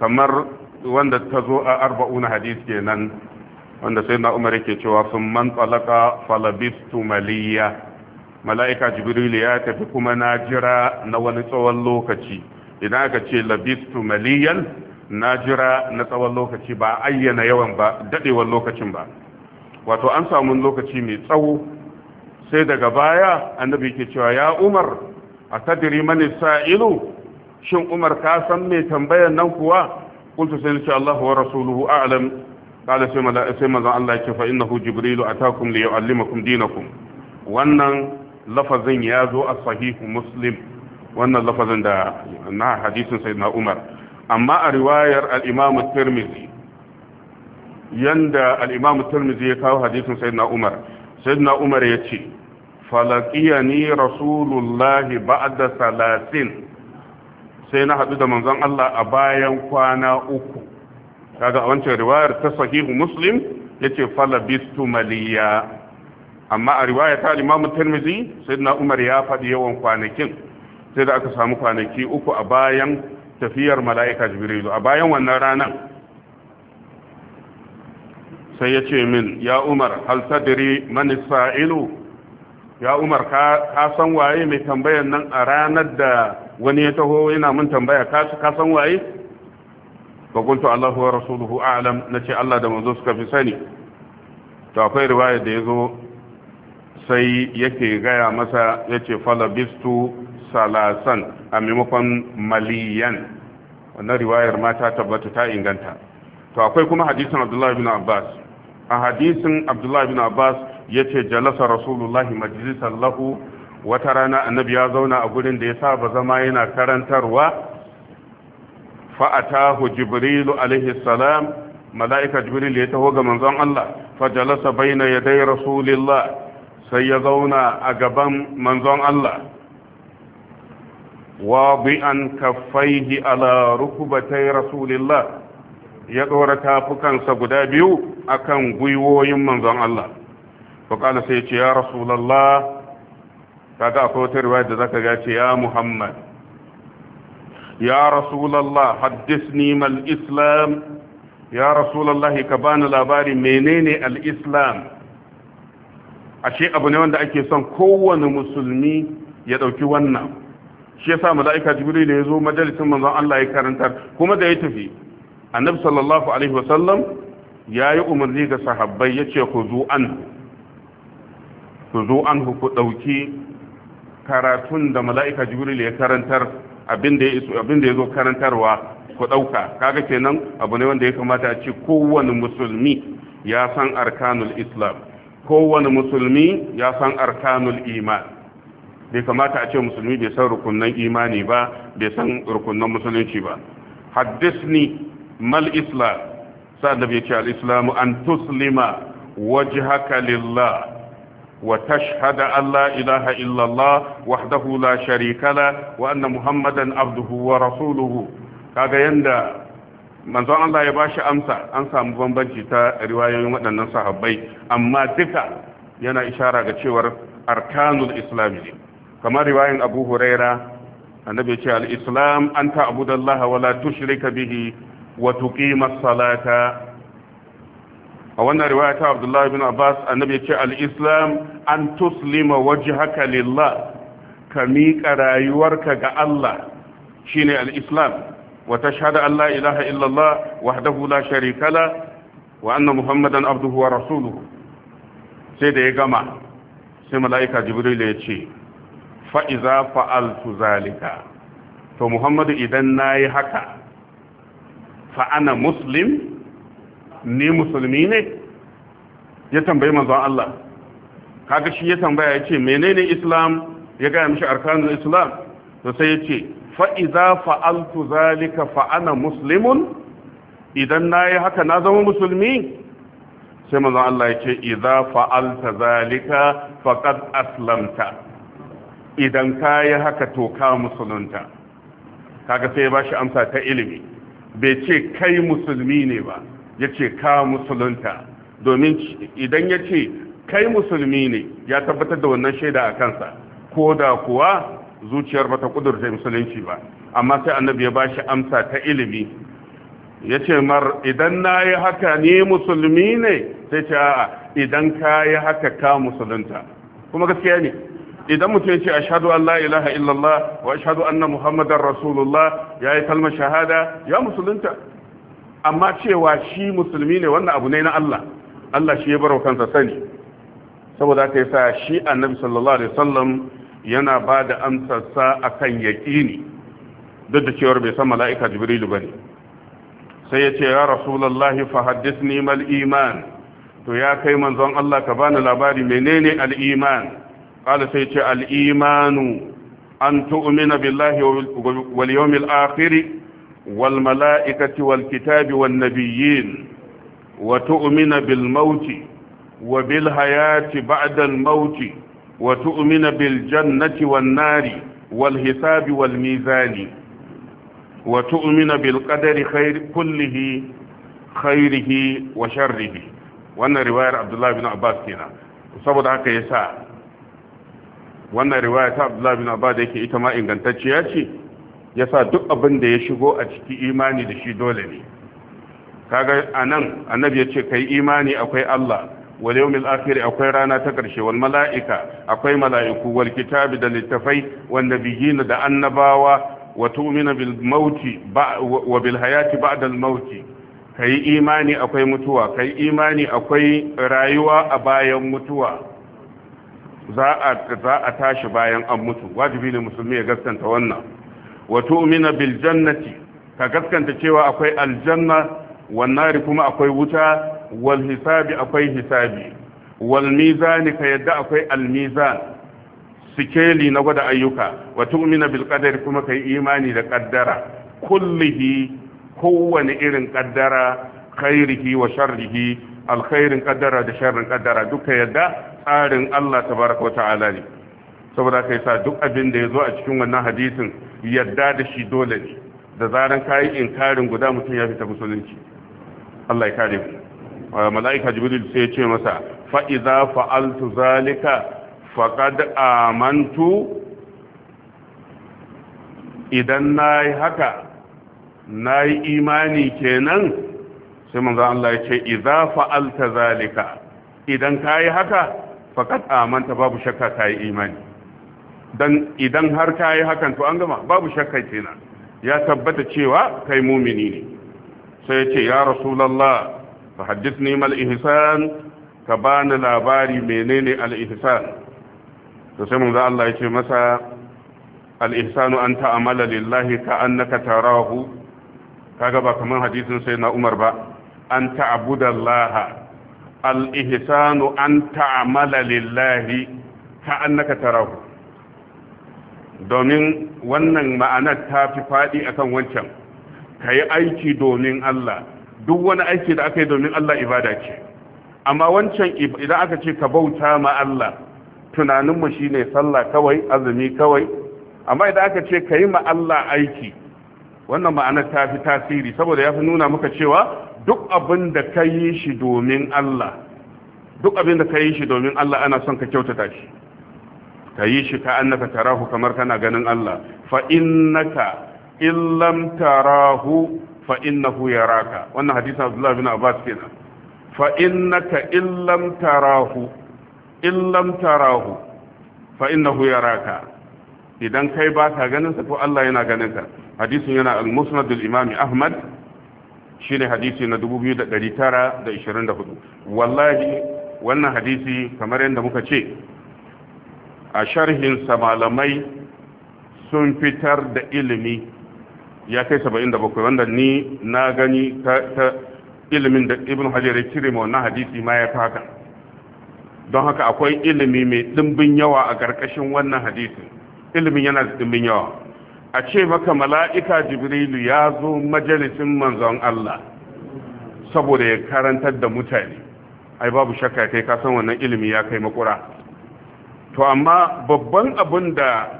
kamar wanda ta zo a arba'una hadis kenan wanda sayyiduna umar yake cewa sun man tsalaka falabistu maliya mala'ika jibril ya tafi kuma na jira na wani tsawon lokaci idan aka ce labistu maliyan na jira na tsawon lokaci ba ayyana yawan ba dadewar lokacin ba wato an samu lokaci mai tsawo sai daga baya annabi yake cewa ya umar a tadiri mani sa'ilu shin umar ka san mai tambayan nan kuwa kultu sai insha Allah wa rasuluhu a'lam qala sai mala sai manzon Allah yake fa innahu jibrilu atakum li yu'allimakum dinakum wannan lafazin ya zo a sahihu muslim wannan lafazin da na hadisin sayyidina umar amma a riwayar al-imam at-tirmidhi yanda al-imam at-tirmidhi ya kawo hadisin sayyidina umar sayyidina umar ya ce ni rasulullahi ba'da talatin sai na haɗu da manzon Allah a bayan kwana uku kaga a wancan riwayar ta sahihu muslim yace falabistu maliya amma a riwaya ta Imam Tirmidhi sayyidina Umar ya faɗi yawan kwanakin sai da aka samu kwanaki uku a bayan tafiyar mala'ika Jibrilu a bayan wannan ranar sai ya ce min ya Umar hal tadri man sa'ilu ya umar ka san waye mai tambayan nan a ranar da wani ya taho yana mun tambaya ka san waye fa qultu allahu wa rasuluhu a'lam nace allah da manzo suka fi sani to akwai riwaya da zo sai yake gaya masa yace falabistu salasan a maimakon maliyan wannan riwayar ma ta tabbata ta inganta to akwai kuma hadisin abdullahi bin abbas a hadisin abdullahi bin abbas yace jalasa rasulullahi majlisan lahu wata rana annabi ya zauna a gurin da ya saba zama yana karantarwa fa'atahu jibrilu alaihi mala'ika jibril ya taho ga manzon Allah fajalasa baina dai rasulillah sai ya zauna a gaban manzon Allah wadi'an kaffaihi ala rukbatay rasulillah ya ɗora tafukansa guda biyu akan gwiwoyin manzon Allah faƙala sai ce ya rasulallah kaga akwai wata riwaya da zaka ga ce ya muhammad ya rasulallah haddisni mal islam ya rasulallah ka bani labari menene al islam ashe abu ne wanda ake son kowane musulmi ya dauki wannan shi yasa mala'ika jibril ya zo majalisin manzon Allah ya karantar kuma da ya tafi annabi sallallahu alaihi wasallam ya yi umarni ga sahabbai ya ce ku zu an ku zo an ku ɗauki karatun da mala'ika jibril ya karantar abin da ya zo karantarwa ku ɗauka kaga kenan abu ne wanda ya kamata a ce kowane musulmi ya san arkanul islam kowane musulmi ya san arkanul iman bai kamata a ce musulmi bai san rukunnan imani ba bai san rukunnan musulunci ba haddisni mal islam sa'ad da bai ce al-islamu an tuslima wajhaka lillah وتشهد أن لا إله إلا الله وحده لا شريك له وأن محمدا عبده ورسوله kaga yadda manzon Allah ya bashi amsa an samu bambanci ta riwayoyin waɗannan sahabbai amma duka yana ishara ga cewar arkanul islam ne kamar riwayan Abu Huraira annabi ya ce al-islam anta abudallaha wala tushrika bihi wa tuqima salata a wannan riwaya ta Abdullah ibn Abbas annabi ya ce alislam islam an tuslima haka lillah ka miƙa rayuwarka ga Allah shine al-islam wata tashhadu Allah la ilaha illallah wahdahu la sharika la wa muhammadan abduhu wa rasuluhu sai da ya gama sai mala'ika jibril ya ce fa'iza fa'altu zalika to muhammadu idan na yi haka fa'ana muslim ni musulmi ne ya tambayi manzon Allah kaga shi ya tambaya ya ce menene islam ya gaya mishi arkanul islam to sai ya ce fa iza fa'altu zalika fa ana Idan na nayi haka na zama musulmi sai manzon Allah ya ce iza fa'alta zalika faqad aslamta idan kayi haka to ka musulunta kaga sai ya shi amsa ta ilimi bai ce kai musulmi ne ba ya ce ka musulunta domin idan ya ce kai musulmi ne ya tabbatar da wannan shaida a kansa ko da kuwa zuciyar bata kudurta musulunci ba amma sai annabi ya bashi amsa ta ilimi ya ce mar idan na yi haka ni musulmi ne sai ce a'a idan ka yi haka ka musulunta kuma gaskiya ne idan mutum ya ce ashadu an la ilaha illallah wa ashadu anna muhammadar rasulullah ya yi kalmar shahada ya musulunta amma cewa shi musulmi ne wannan abu ne na Allah Allah shi ya baro kansa sani saboda ka yasa shi annabi sallallahu alaihi wasallam yana ba da amsarsa akan yaqini duk da cewar bai san mala'ika ba ne sai ya ce ya rasulullahi fa haddithni mal iman to ya kai manzon Allah ka bani labari menene al iman sai ce al imanu an tu'mina billahi wal yawmil akhir wal mala'ikati wal kitabi wan nabiyyin wa tu'mina bil mauti wa bil hayati mauti wa tu'mina bil jannati wan nari wal hisabi wa tu'mina bil qadari khair kullihi wannan riwayar Abdullah bin Abbas saboda haka yasa wannan riwaya ta bin Abbas da yake ita ma ingantacciya ce yasa duk abin da ya shigo a ciki imani da shi dole ne kaga anan annabi ya ce kai imani akwai Allah wal yawmil akhir akwai rana ta karshe wal mala'ika akwai mala'iku wal kitabi da littafai wan nabiyina da annabawa wa tu'mina bil mauti wa bil hayati ba'da al mauti kai imani akwai mutuwa kai imani akwai rayuwa a bayan mutuwa za a za a tashi bayan an mutu wajibi ne musulmi ya gaskanta wannan wato tu'mina bil jannati ka gaskanta cewa akwai aljanna wan kuma akwai wuta wal hisabi akwai hisabi wal mizani ka yadda akwai al mizan sikeli na gwada ayyuka wa tu'mina bil qadari kuma kai imani da qaddara kullihi kowane irin qaddara khairihi wa sharrihi alkhairin qaddara da sharrin qaddara duka yadda tsarin Allah tabaraka wa ta'ala ne saboda kai sa duk abin da yazo a cikin wannan hadisin yadda da shi dole ne da zaran kayi inkarin guda mutum ya fita musulunci Allah ya kare ku mala'ika jibril sai ya ce masa fa idza fa'altu zalika faqad amantu idan nayi haka nayi imani kenan sai manzo Allah ya ce idza fa'alta zalika idan kayi haka faqad amanta babu shakka kayi imani dan idan har ka yi hakan to an gama babu shakka na. ya tabbata cewa kai mumini ne sai ya ce ya rasulallah fa haddithni mal ihsan ka bani labari menene al'ihisan. ihsan to sai mun za Allah ya ce masa Al'ihisanu an ta'amala lillahi ka naka tarahu kaga ba kaman hadisin sai na Umar ba an ta'budallaha al an ta'amala lillahi ka naka tarahu domin wannan ma'anar ta fi faɗi akan wancan ka yi aiki domin Allah duk wani aiki da aka yi domin Allah ibada ce amma wancan idan aka ce ka bauta ma Allah tunaninmu shi ne sallah kawai azumi kawai amma idan aka ce ka yi ma Allah aiki wannan ma'anar ta fi tasiri saboda ya fi nuna muka cewa duk abin da ka yi shi domin Allah duk abin da ka shi domin Allah ana son ka kyautata shi ka yi shi ka annaka tarahu kamar kana ganin Allah fa innaka illam tarahu fa innahu yaraka wannan hadisi Abdullah bin Abbas kenan fa innaka illam tarahu illam tarahu fa innahu yaraka idan kai ba ka ganin sa to Allah yana ganin ka hadisin yana al-musnad al-imam Ahmad shine hadisi na 2924 wallahi wannan hadisi kamar yadda muka ce a sharhinsa malamai sun fitar da ilimi ya kai 77 wanda ni na gani ta ilimin da ibn hajar ya cire ma wannan hadisi ma ya fi haka don haka akwai ilimi mai dimbin yawa a ƙarƙashin wannan hadisi ilimin yana da dimbin yawa a ce maka mala'ika jibrilu ya zo majalisin manzon Allah saboda ya karantar da mutane ai babu shakka kai ka san wannan ilimi ya kai makura to amma babban abin da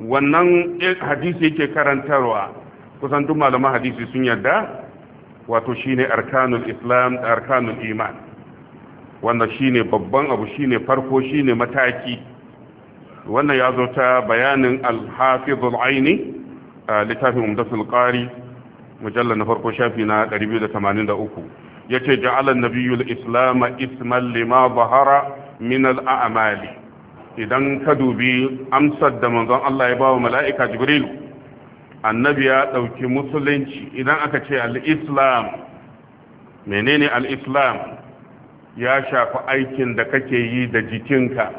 wannan hadisi yake karantarwa kusan duk malaman hadisi sun yadda wato shine arkanul islam da arkanul iman wanda shine babban abu shine farko shine mataki wannan ya zo ta bayanin al-hafizul aini littafin umdatul qari mujalla na farko shafi na 283 yace ja'ala an-nabiyul islam isman lima zahara min al-a'mali idan ka dubi amsar da manzon Allah ya ba wa mala'ika jibrilu annabi ya ɗauki musulunci idan aka ce al'islam menene al'islam ya shafi aikin da kake yi da jikinka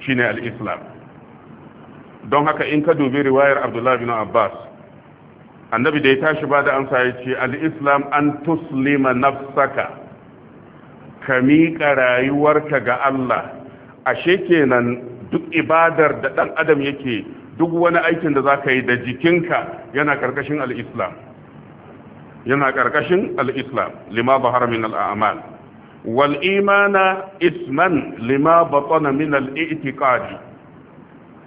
shine al'islam don haka in ka dubi riwayar abdullahi bin abbas annabi da ya tashi ba da amsa ya ce al'islam an tuslima nafsaka ka miƙa rayuwarka ga Allah ashe kenan duk ibadar da dan adam yake duk wani aikin da za ka yi da jikinka yana ƙarƙashin al'islam yana al-islam lima min al-a'mal wal imana isman lima min al-i'tiqad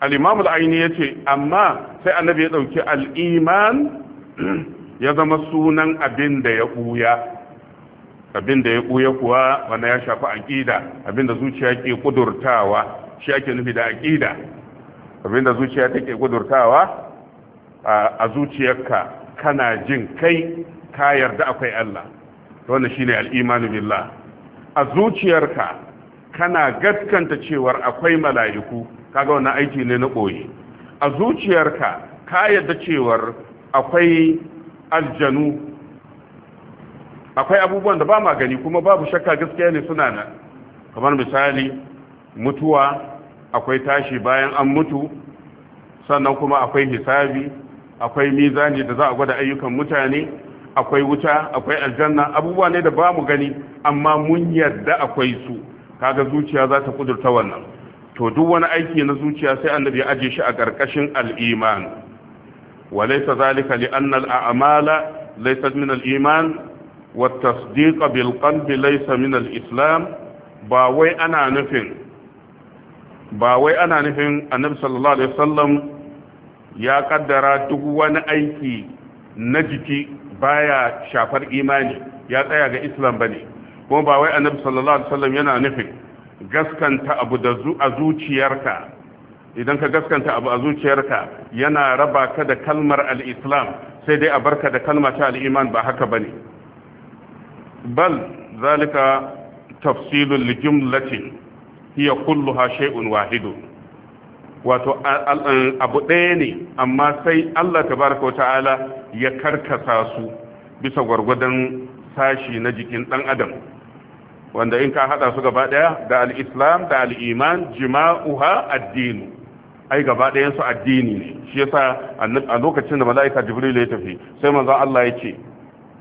al-imam al ya ce amma sai annabi ya al al'iman ya zama sunan abin da ya buya. abin da ya buya kuwa wanda ya shafi aƙida abin da zuciya ke kudurtawa. shi ake nufi da aqida abinda zuciya take gudurtawa a zuciyarka kana jin kai ka yarda akwai Allah wannan shine al-imanu billah a zuciyarka kana gaskanta cewar akwai mala'iku kaga wannan aiki ne na koyi a zuciyarka ka yarda cewar akwai aljanu akwai abubuwan da ba ma gani kuma babu shakka gaskiya ne suna nan kamar misali mutuwa akwai tashi bayan an mutu sannan kuma akwai hisabi akwai mizani da za a gwada ayyukan mutane akwai wuta akwai aljanna abubuwa ne da ba mu gani amma mun yarda akwai su kaga zuciya za ta kudurta wannan to duk wani aiki na zuciya sai annabi ya aje shi a ƙarƙashin al'iman wa zalika li anna al'amala laysa min al'iman wa tasdiq bil qalbi laysa min islam ba wai ana nufin ba wai ana nufin annabi sallallahu alaihi wasallam ya kaddara duk wani aiki na jiki baya shafar imani ya tsaya ga islam bane kuma ba wai annabi sallallahu alaihi wasallam yana nufin gaskanta abu da a zuciyarka idan ka gaskanta abu a zuciyarka yana raba ka da kalmar al-islam sai dai a barka da kalmar ta al-iman ba haka bane bal zalika tafsilul jumlatin hiya kulluha shay'un wahidu wato abu ɗaya ne amma sai Allah tabaraka wa ta'ala ya karkasa su bisa gwargwadon sashi na jikin dan adam wanda in ka hada su gaba daya da islam da al iman jima'uha addinu ai gaba dayan su addini ne shi yasa a lokacin da mala'ika jibril ya tafi sai manzon Allah ya ce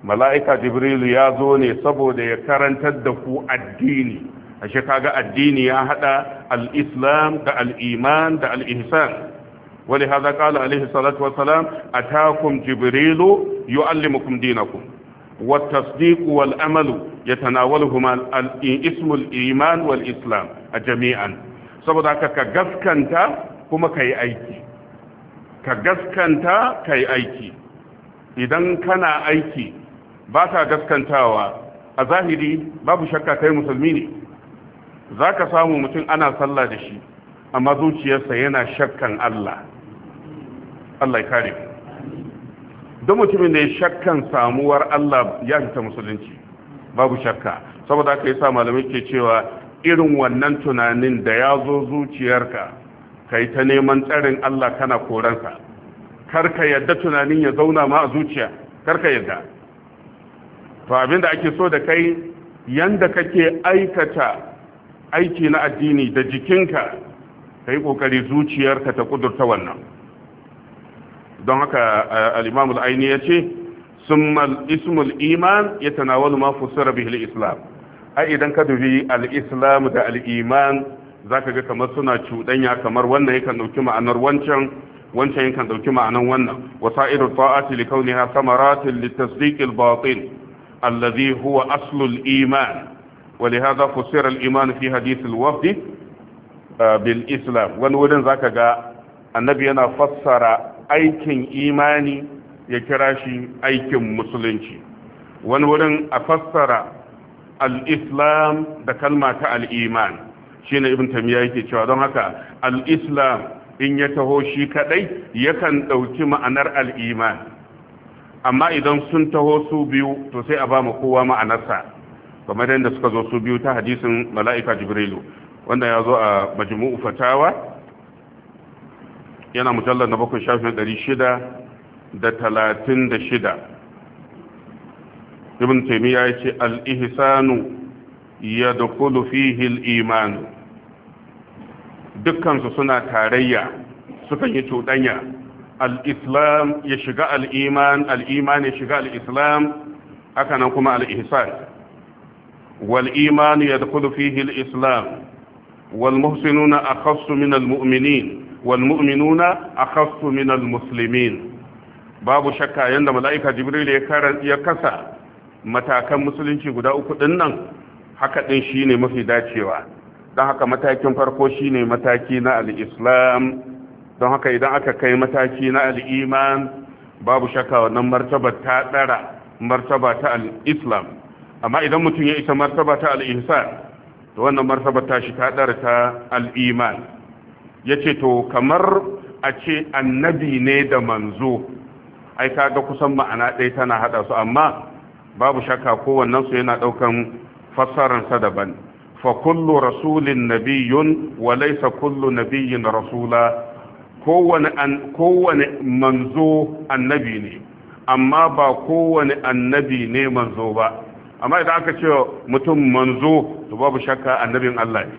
mala'ika jibrilu ya zo ne saboda ya karantar da ku addini ashe kaga addini ya hada al-islam da aliman da al-ihsan wali hada alaihi salatu wassalam atakum jibrilu yuallimukum dinakum ya والأمل يتناولهما اسم الإيمان a jami'an. saboda haka ka gaskanta kuma ka yi aiki ka gaskanta ka yi aiki idan kana aiki ba ka gaskantawa a zahiri babu shakka kai musulmi ne za ka samu mutum ana sallah da shi amma zuciyarsa yana shakkan Allah Allah ya kare don mutumin da ya shakkan samuwar Allah ya fita musulunci babu shakka saboda aka yi sa malamai ke cewa irin wannan tunanin da ya zo zuciyarka ka yi ta neman tsarin Allah kana koransa karka yadda tunanin ya zauna ma a zuciya karka yadda to abinda ake so da kai yanda kake aikata aiki na addini da jikinka ka yi ƙoƙari zuciyarka ta ƙudurta wannan don haka eh, al'imamul aini ya ce ismul iman ya tanawalu ma fusara bihil islam a idan ka dubi al'islam da al'iman za ka ga kamar suna cuɗanya kamar wannan yakan ɗauki ma'anar wancan wancan kan ɗauki ma'anar wannan wasa'iru ta'ati li kauniha samaratin li tasdiqil batin allazi huwa aslul iman ولهذا فسر الإيمان في حديث الوفد بالإسلام ونودن ذاك جاء النبي أنا فسر أيكن إيماني يكراشي أيكن مسلنشي ونودن أفسر الإسلام بكلمة الإيمان شين ابن تيمية يكي الإسلام in ya taho shi kadai yakan ɗauki ma'anar al'iman amma idan sun taho su biyu to sai a ba mu kowa ma'anarsa kamar yadda suka zo su biyu ta hadisin mala'ika jibrilu wanda ya zo a majmu'u fatawa yana mujallar na bakwai shafin ɗari shida da talatin da shida ibn taimiyya ya ce al'ihisanu ya da fihi imanu dukkansu suna tarayya sukan yi cuɗanya al'islam ya shiga al'iman al'iman ya shiga al'islam haka nan kuma al'ihisan والإيمان يدخل فيه islam والمحسنون أخص من المؤمنين والمؤمنون أخص من المسلمين babu shaka yadda mala'ika jibril ya kasa matakan musulunci guda uku dinnan haka din shine mafi dacewa don haka matakin farko shine mataki na al'islam don haka idan aka kai mataki na al'iman babu shakka wannan martaba ta ɗara martaba ta al'islam amma idan mutum ya isa martaba ta al da wannan martaba ta shi ta dara ta al-iman yace to kamar a ce annabi ne da manzo ai ga kusan ma'ana ɗaya tana hada su amma babu shakka kowannen su yana ɗaukan fassarar daban fa kullu rasulin nabiyyun wa laysa kullu nabiyyin rasula kowane kowane manzo annabi ne amma ba kowane annabi ne manzo ba amma idan aka ce mutum manzo to babu shakka annabin Allah ne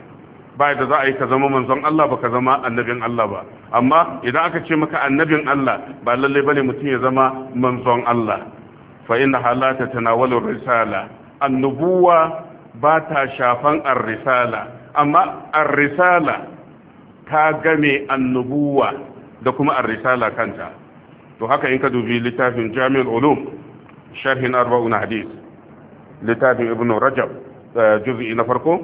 ba da za a yi ka zama manzon Allah ba ka zama annabin Allah ba amma idan aka ce maka annabin Allah ba lallai bane mutum ya zama manzon Allah fa inna halata tanawalu risala annubuwa ba ta shafan ar-risala amma ar-risala ta game annubuwa da kuma ar-risala kanta to haka in ka dubi littafin Jami'ul Ulum sharhin 40 hadith littafin ibn rajab eh, juz'i na farko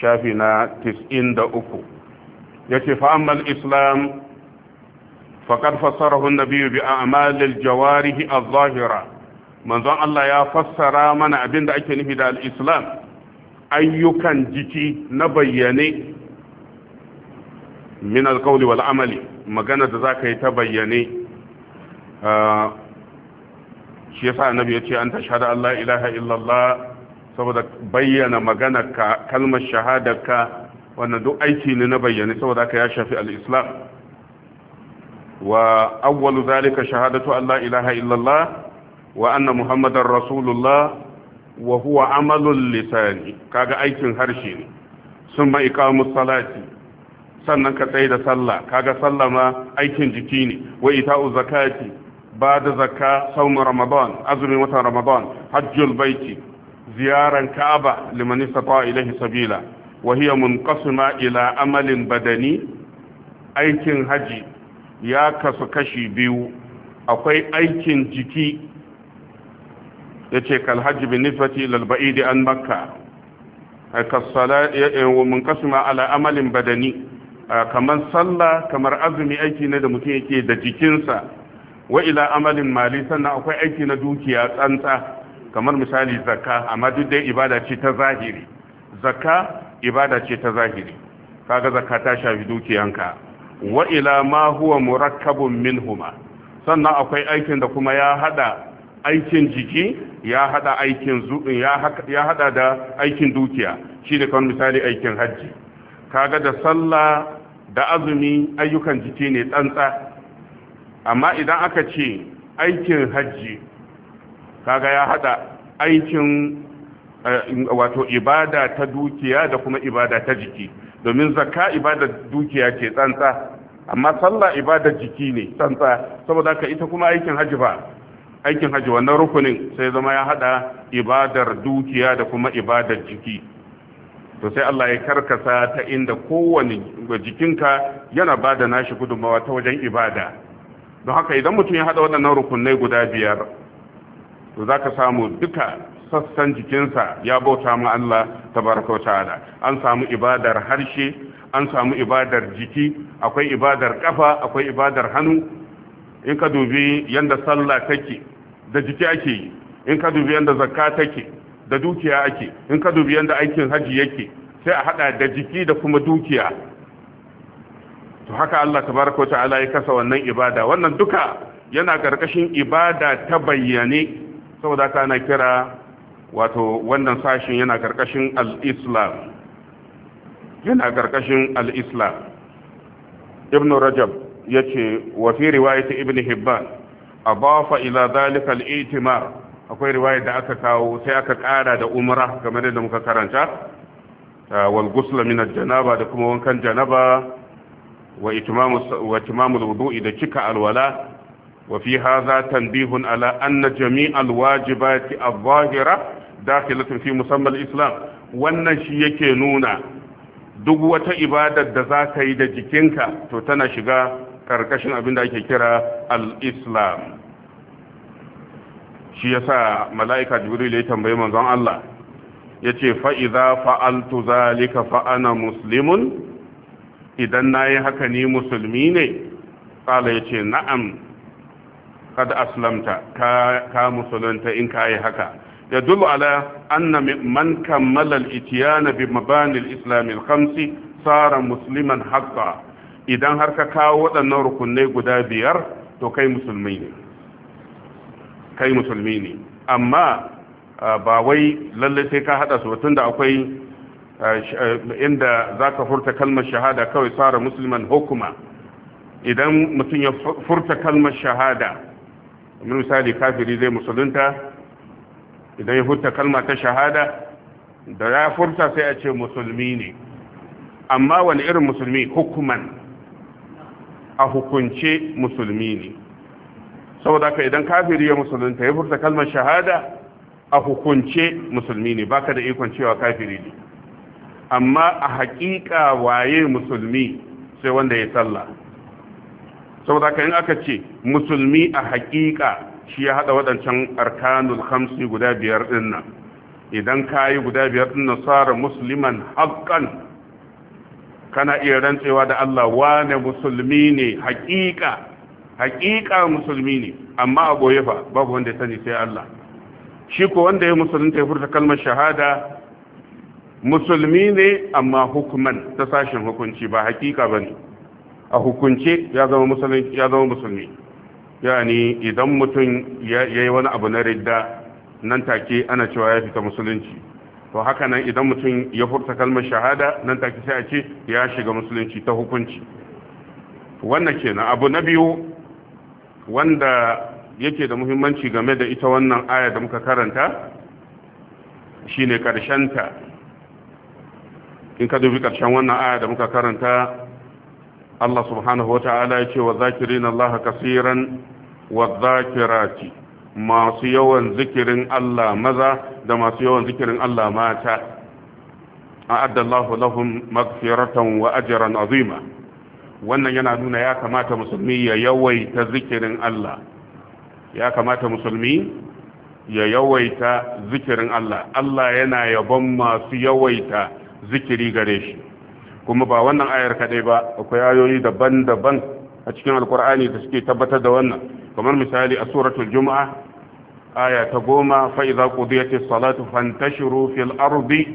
shafi na 93 yace fa ammal islam faƙar fassarahu an biyu bi a al-jawarih adh zahira manzon Allah ya fassara mana abinda ake nufi da al-islam ayyukan jiki na bayyane min al-qawli wal-amali magana da zaka yi ta bayyane ah, shi yasa annabi ya ce an tashhadu an la ilaha illallah saboda bayyana magana ka kalmar shahadarka wannan duk aiki ne na bayyane saboda ka ya shafi al-islam wa awwalu zalika shahadatu Allah ilaha illallah wa anna muhammadar rasulullah wa huwa amalul lisani kaga aikin harshe ne sun ma iqamus salati sannan ka tsaye da sallah kaga sallah ma aikin jiki ne wa ita'u zakati ba da zakka saumin ramadan azumin watan ramadan hajjul baiti ziyaran ka'aba liman istata ilaihi sabila wa hiya munqasima ila amalin badani aikin haji ya kasu kashi biyu akwai aikin jiki yace kal hajji bi nisbati ila al-ba'id ala amalin badani kamar sallah kamar azumi aiki ne da mutum yake da jikinsa wa ila amalin mali sannan akwai aiki na dukiya tsantsa kamar misali zakka amma duk dai ibada ce ta zahiri zakka ibada ce ta zahiri kaga zakka ta shafi dukiyanka wa ila ma huwa murakkabun minhuma sannan akwai aikin da kuma ya hada aikin jiki ya hada aikin ya hada da aikin dukiya Shi ne kamar misali aikin hajji kaga da sallah da azumi ayyukan jiki ne tsantsa amma idan aka ce aikin hajji kaga ya hada aikin eh, wato ibada ta dukiya da kuma ibada ta jiki domin zakka ibadar dukiya ce tsantsa amma sallah ibadar jiki ne tsantsa saboda ka ita kuma aikin hajji ba aikin hajji wannan rukunin sai zama ya hada ibadar dukiya da kuma ibadar jiki to sai Allah ya karkasa ta inda kowane jikinka yana bada nashi gudunmawa ta wajen ibada don haka idan mutum ya haɗa waɗannan rukunai guda biyar to za ka samu duka sassan jikinsa ya bauta ma Allah tabaraka wa ta'ala an samu ibadar harshe an samu ibadar jiki akwai ibadar kafa akwai ibadar hannu in ka dubi yanda sallah take da jiki ake yi in ka dubi yanda zakka take da dukiya ake in ka dubi yanda aikin haji yake sai a hada da jiki da kuma dukiya to haka Allah tabaraka ta'ala ya kasa wannan ibada wannan duka yana karkashin ibada ta bayyane saboda ka ana kira wato wannan sashin yana karkashin al-islam yana karkashin al-islam ibn rajab yace wa fi riwayat ibn hibban abafa ila dhalika al-i'timar akwai riwaya da aka kawo sai aka kara da umra kamar yadda muka karanta wal ghusl min al-janaba da kuma wankan janaba wa itimamu wudu'i da cika alwala wa fi hadha tanbihun ala anna jami'al wajibati a dhahira dakhilatun fi musamma al-islam wannan shi yake nuna duk wata ibadar da za ka yi da jikinka to tana shiga ƙarƙashin abin da ake kira al-islam shi yasa mala'ika jibril ya tambaye manzon Allah yace fa idza fa'altu zalika fa ana muslimun idan na yi haka ni musulmi ne tsala ya ce na'am kada aslamta ka musulunta in ka yi haka ya dulu ala anna man kammala al-itiyana bi mabanil islam khamsi idan har ka kawo waɗannan rukunai guda biyar to kai musulmi ne kai musulmi ne amma ah, ba wai lallai sai ka haɗa su tunda akwai inda za ka furta kalmar shahada kawai tsara musulman hukuma idan mutum ya furta kalmar shahada misali kafiri zai musulunta idan ya furta kalma ta shahada da ya furta sai a ce musulmi ne amma wani irin musulmi hukuman a hukunce musulmi ne saboda ka idan kafiri ya musulunta ya furta kalmar shahada a hukunce musulmi ne ba ka da ikon cewa kafiri ne amma a haƙiƙa waye musulmi sai wanda ya sallah saboda kan aka ce musulmi a haƙiƙa shi ya hada waɗancan arkanul hamsi guda biyar dinnan idan idan kayi guda biyar dinnan nan sara musliman haqqan kana iya rantsewa da Allah wane musulmi ne hakika hakika musulmi ne amma a goye fa babu wanda ya sani sai Allah shi ko wanda ya musulunta ya furta kalmar shahada musulmi ne amma hukuman ta sashen hukunci ba hakika ba ne a hukunce ya zama musulmi ya ne idan mutum ya yi wani abu na ridda nan take ana cewa ya fita musulunci to haka nan idan mutum ya furta kalmar shahada nan take sai a ce ya shiga musulunci ta hukunci wannan kenan abu na biyu wanda yake da muhimmanci game da ita wannan aya da muka karanta shine ta. in ka dubi ƙarshen wannan aya da muka karanta Allah subhanahu wa ta'ala ya ce wa zakirin Allah kasiran wa zakirati masu yawan zikirin Allah maza da masu yawan zikirin Allah mata a'adda Allahu lahum maghfiratan wa ajran azima wannan yana nuna ya kamata musulmi ya yawaita zikirin Allah ya kamata musulmi ya yawaita zikirin Allah Allah yana yabon masu yawaita zikiri gare shi kuma ba wannan ayar kadai ba akwai ayoyi daban-daban a cikin alkur'ani da suke tabbatar da wannan kamar misali a suratul juma'a aya ta goma fa idza salatu fantashiru fil ardi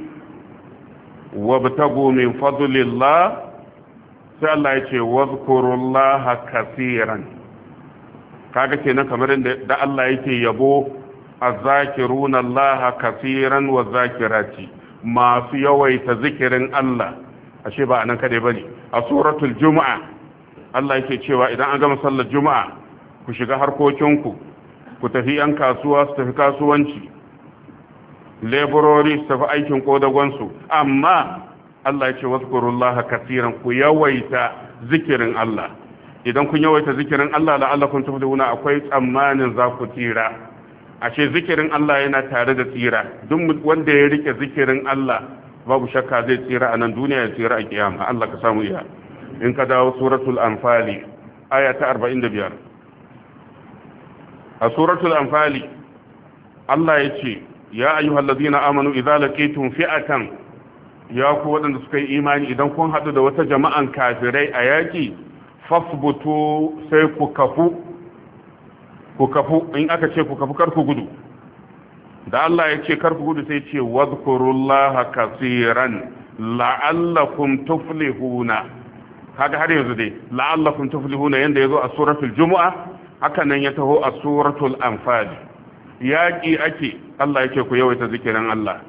wabtagu min fadlillah sai Allah ya ce wazkurullaha kaseeran kaga kenan kamar da Allah yake yabo azzakiruna Allah kaseeran wazakirati masu yawaita zikirin Allah ashe ba anan kadai bane a suratul juma'a Allah yake cewa idan an gama sallar juma'a ku shiga harkokinku ku tafi yan kasuwa su tafi kasuwanci laborori su tafi aikin kodagonsu amma Allah ya ce wazkurullaha katsiran ku yawaita zikirin Allah idan kun yawaita zikirin Allah da tuflihuna akwai tsammanin za ku tsira ashe zikirin Allah yana tare da tsira duk wanda ya rike zikirin Allah babu shakka zai tsira a nan duniya ya tsira a kiyama Allah ka samu iya in ka dawo suratul anfali aya ta 45 a suratul anfali Allah ya ce ya ayyuhallazina amanu idza laqitum fi'atan ya ku waɗanda suka yi imani idan kun haɗu da wata jama'an kafirai a yaƙi fasbutu sai ku kafu ku kafu in aka ce ku kafu karku gudu da Allah ya ce karku gudu sai ce wadhkurullaha kaseeran la'allakum tuflihuna kaga har yanzu dai la'allakum tuflihuna yanda yazo a suratul jumu'a haka nan ya taho a suratul anfal yaki ake Allah yake ku yawaita zikirin Allah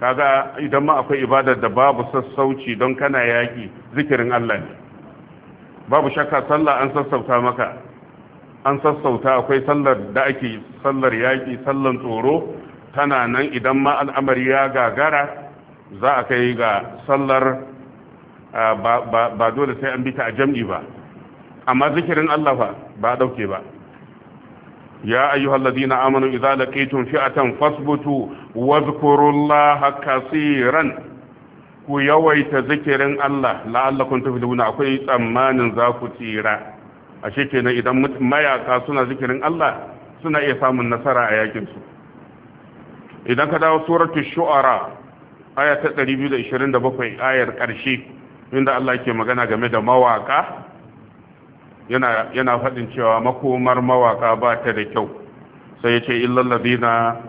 kaga idan ma akwai ibadar da babu sassauci don kana yaki zikirin Allah ne babu shakka sallah an sassauta maka an sassauta akwai sallar da ake sallar yaƙi sallar tsoro tana nan idan ma al'amari ya gagara za a kai ga sallar ba dole sai an bita a jam'i ba amma zikirin Allah fa ba dauke ba ya ayyuhal ladina amanu idza laqitum fi'atan fasbutu wadhkurullaha kaseeran ku yawaita zikirin Allah la'allakum tuflihuna akwai tsammanin za ku tsira ashe kenan idan mayaka suna zikirin Allah suna iya samun nasara a yakin su idan ka dawo suratul shu'ara aya ta 227 ayar karshe inda Allah yake magana game da mawaka yana yana fadin cewa makomar mawaka ba ta da kyau sai yace illal ladina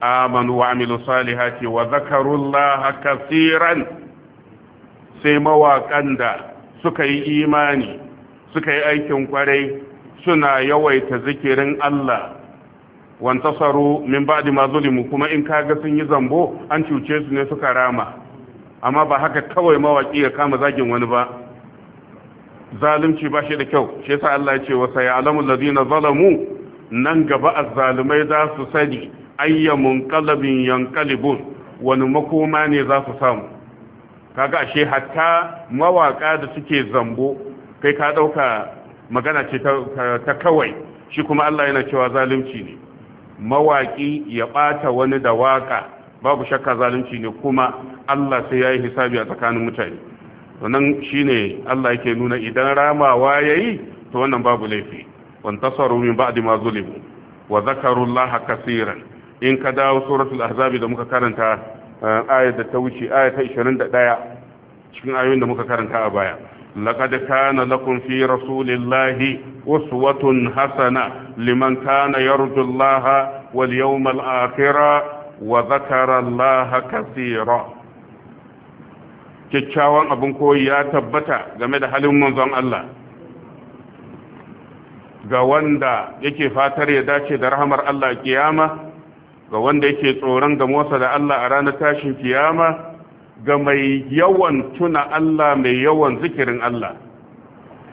amanu wa amilu salihati wa zakarullaha kaseeran sai mawakan da suka yi imani suka yi aikin kwarai suna yawaita zikirin Allah wantasaru min ba da mazulimu, kuma in kaga sun yi zambo an cuce su ne suka rama amma ba haka kawai mawaki ya kama zagin wani ba zalunci ba shi da kyau shi yasa Allah ya ce wa sayalamu ladina zalamu nan gaba azzalumai za su sani ayyamun qalbin Yankalibun, wani makoma ne za su samu kaga ashe hatta mawaka da suke zambo kai ka ɗauka magana ce ta kawai shi kuma Allah yana cewa zalunci ne mawaƙi ya ɓata wani da waƙa babu shakka zalunci ne kuma Allah sai ya yi hisabi a tsakanin mutane wannan shine Allah yake nuna idan ramawa yayi to wannan babu laifi wan tasaru min ba'di ma zulimu wa zakaru Allah kaseeran in ka dawo suratul ahzab da muka karanta eh, ayat da ta wuce ayat ta 21 cikin ayoyin da muka karanta a baya لقد كان لكم في رسول الله أسوة حسنة لمن كان يرجو الله واليوم الآخرة وذكر الله كثيرا kyakkyawan abin koyi ya tabbata game da halin manzon Allah ga wanda yake fatar ya dace da rahamar Allah kiyama ga wanda yake tsoron gamosa da Allah a ranar tashin kiyama ga mai yawan tuna Allah mai yawan zikirin Allah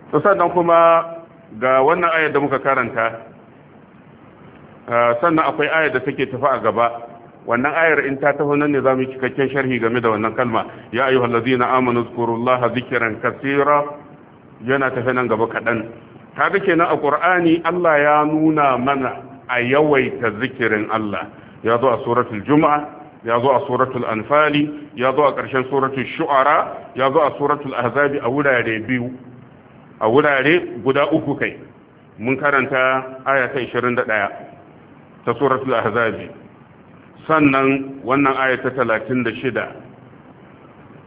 to sannan kuma ga wannan ayar da muka karanta ah, sannan akwai ayar da take tafi a gaba wannan ayar in ta tafi nan ne za mu yi cikakken sharhi game da wannan kalma ya ayyuhal na amanu zkurullaha zikiran kasira yana tafi nan gaba kaɗan kaga kenan a ƙur'ani Allah ya nuna mana a yawaita zikirin Allah ya zo a suratul juma'a ya zo a suratul anfali ya zo a ƙarshen suratul shu'ara ya zo a suratul ahzabi a wurare biyu a wurare guda uku kai mun karanta aya ta 21 ta suratul ahzabi sannan wannan aya ta 36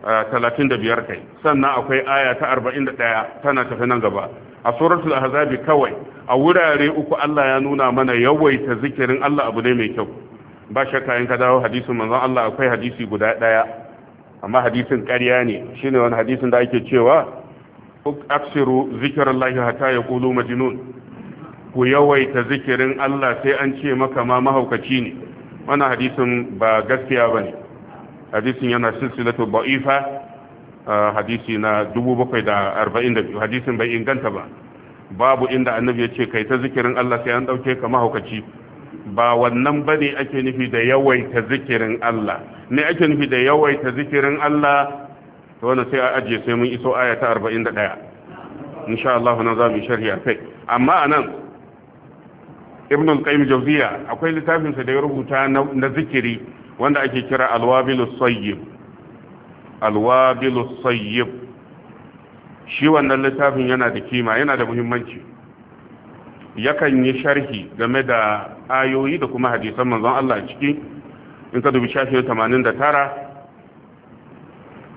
35 kai sannan akwai aya ta 41 tana tafi nan gaba a suratul ahzabi kawai a wurare uku Allah ya nuna mana yawaita zikirin Allah abu ne mai kyau ba shakka in ka dawo hadisin manzon Allah akwai hadisi guda daya amma hadisin ƙarya ne shine wani hadisin da ake cewa aksiru zikrullahi hatta yaqulu majnun ku yawaita zikirin Allah sai an ce maka ma mahaukaci ne wannan hadisin ba gaskiya bane hadisin yana silsilatu ba'ifa hadisi na 742 hadisin bai inganta ba babu inda annabi ya ce kai ta zikirin Allah sai an dauke ka mahaukaci ba wannan bane ake nufi da yawaita zikirin Allah ne ake nufi da yawaita zikirin Allah to wannan sai a ajiye sai mun iso aya ta 41 insha Allah na za mu sharhi akai amma anan Ibn al-Qayyim Jawziya akwai littafin sa da ya rubuta na zikiri wanda ake kira Al-Wabilus Sayyib al Sayyib shi wannan littafin yana da kima yana da muhimmanci yakan yi sharhi game da ayoyi da kuma hadisan manzon Allah ciki in ka dubi shafi 89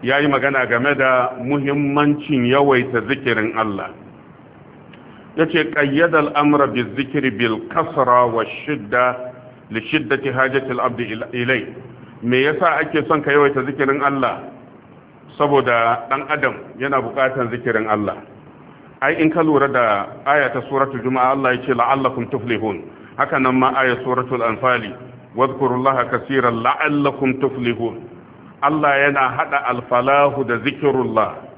yayi magana game da muhimmancin yawaita zikirin Allah yace qayyada al-amra bizikri bil kasra wa shidda li shiddati hajati al-abd ilay me yasa ake son ka yawaita zikirin Allah saboda ɗan adam yana buƙatar zikirin Allah ai in ka lura da aya ta suratul juma'a Allah yake la'allakum tuflihun haka nan ma aya suratul anfali wadhkurullaha kaseeran la'allakum tuflihun Allah yana hada alfalahu da zikrullah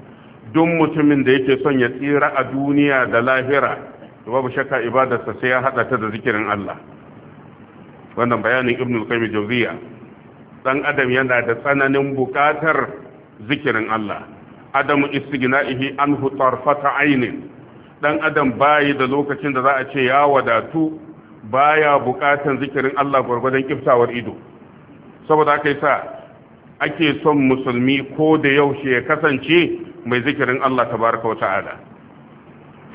duk mutumin da yake son ya tsira a duniya da lahira babu shakka ibadarsa sai ya hada ta da zikirin Allah wannan bayanin ibnu al-qayyim jawziya dan adam yana da tsananin bukatar zikirin Allah adamu istighna'ihi anhu tarfata ainin dan adam bayi da lokacin da za a ce ya wadatu baya bukatan zikirin Allah gwargwadon kiftawar ido saboda haka yasa ake son musulmi ko da yaushe ya kasance mai zikirin Allah tabaraka wa ta'ala